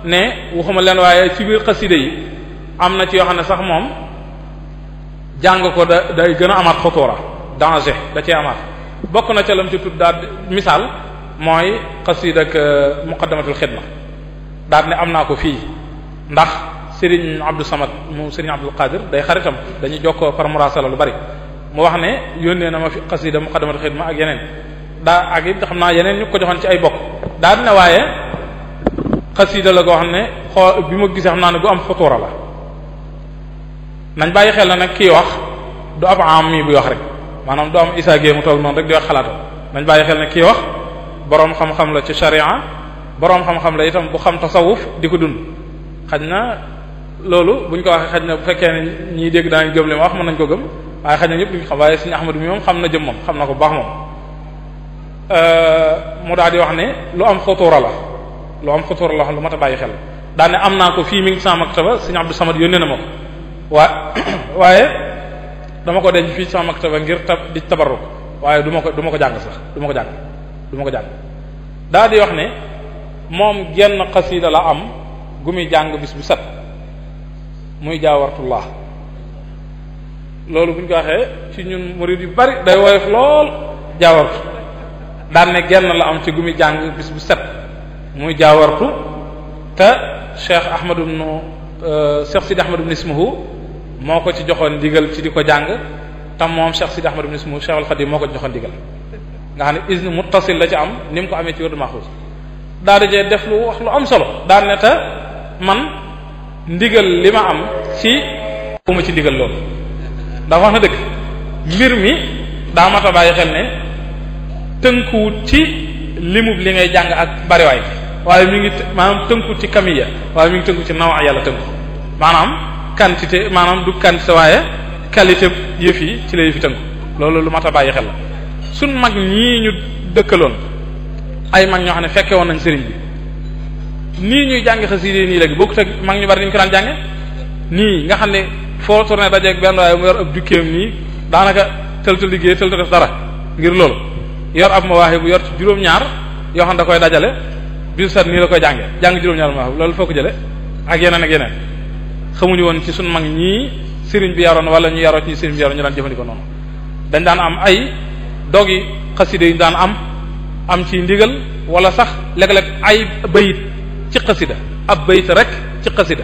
ne waxuma leen waaye ci biir xasiida yi am na ci yoo xam ne sax moom jàng ko da day gën a amaat xutuura danger da cee amaat bokk na ca lam ci tudd daal misaal mooy xasiid ak euh, muqaddamatul xidma daal ne am naa ko fii ndax Serigne Abdou Samad mu Serigne Abdul Qadir day xaritam dañuy jokkoo par murasala lu bari mu wax ne yónnee na ma fi xasiida muqaddamatul xidma ak yeneen daa ak it xam naa yeneen ñu ko joxoon ci ay bokk daal ne waaye xasiida la goo xam ne xoo bi ma gisee xam naa ne gu am xutuura la nañ bàyyi xel na nag kii wax du ab am mi buy wax rek maanaam du am isaa gee mu toog noonu rek di wax xalaatam nañ bàyyi xel ne kii wax boroom xam-xam la ci sharia boroom xam-xam la itam bu xam tasawuf di ko dund xaj na loolu buñ ko waxee xaj na bu fekkee ne ñiy dégg daañu gëm li ma wax mën nañ ko gëm waaye xaj na ñëpp duñ xam waaye suñu ahmadu mi moom xam na jëm moom xam na ko baax moom euh, mu daal di wax ne lu am xutuura la lu am xutuura la lu mat a bàyyi xel daane am naa ko fii mi ngi sama maktaba suñu Abdou Samad yónnee na ma waa waaye dama ko denc fii sama maktaba ngir tab di tabarruk waaye duma ko duma ko jàng sax du ko jàng du ma ko jàng di wax ne moom genn xasida la am gu muy jàng bis bu set muy jaawartullah loolu bu ko waxee ci ñun murid yu bari day woyof lool jaawartu daan ne genn la am ci gu jàng bis bu set muy jaawartu te Cheikh Ahmad ibn euh, Cheikh Sidi Ahmad ibn moo ko ci joxoon ndigal ci di ko jàng tam moom Cheikh Sidi Ahmad ibn Ismu Cheikh moo ko ci joxoon ndigal nga xam ne isne muttasil la ci am ni mu ko amee ci wér du maxuus daa dajee def lu wax lu am solo daan ne te man ndigal li ma am ci uma ci ndigal loolu daa wax na dëgg mbir mi daa mat bàyyi xel ne tënkuwut ci limub li ngay jàng ak bariwaay waaye mu ngi maanaam tënku ci kamiya waaye mi ngi tënku ci naw yàlla tënku maanaam quantité maanaam du quantité waaye qualité yëf yi ci la yëf yi tënku loolu lu mat a bàyyi xel la suñ mag ñii ñu dëkkaloon ay mag ñoo xam ne fekke woon nañ sëriñ bi nii ñuy jàng xasida nii léegi bokkut ak mag ñu bari ni ñu ko daan jànge nii nga xam ne foo tourné dajeeg benn waaye mu yor ab dukkeem nii daanaka tëlta liggéey tëlta def dara ngir loolu yor ab mawaaxi bu yor ci juróom-ñaar yoo xam ne da koy dajale bisu sat nii la koy jànge jàng juróom-ñaar loolu foo ko jële ak yeneen ak yeneen xamuñu woon ci suñ mag ñii sëriñ bi yaroon wala ñu yaroo ci sëriñ bi yaroon ñu daan jëfandikoo noonu dañ daan am ay dogi xasida yu daan am am ci ndigal wala sax léeg-léeg ay bayit ci xasida ab bayit rek ci xasida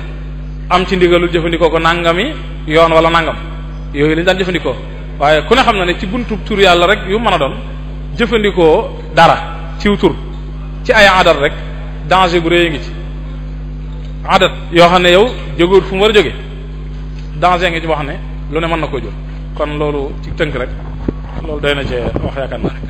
am ci ndigalul jëfandikoo ko nangami yoon wala nangam yooyu lañu daan jëfandikoo waaye ku ne xam na ne ci buntu tur yàlla rek yu mën a doon jëfandikoo dara ci tur ci ay aadal rek danger bu rëy a ngi ci adat yoo xam ne yow jógewut fu mu war a jóge danger nga ci boo xam ne lu ne mën na koo kon loolu ci tënk rek loolu doy na ci wax yaakaar naa rek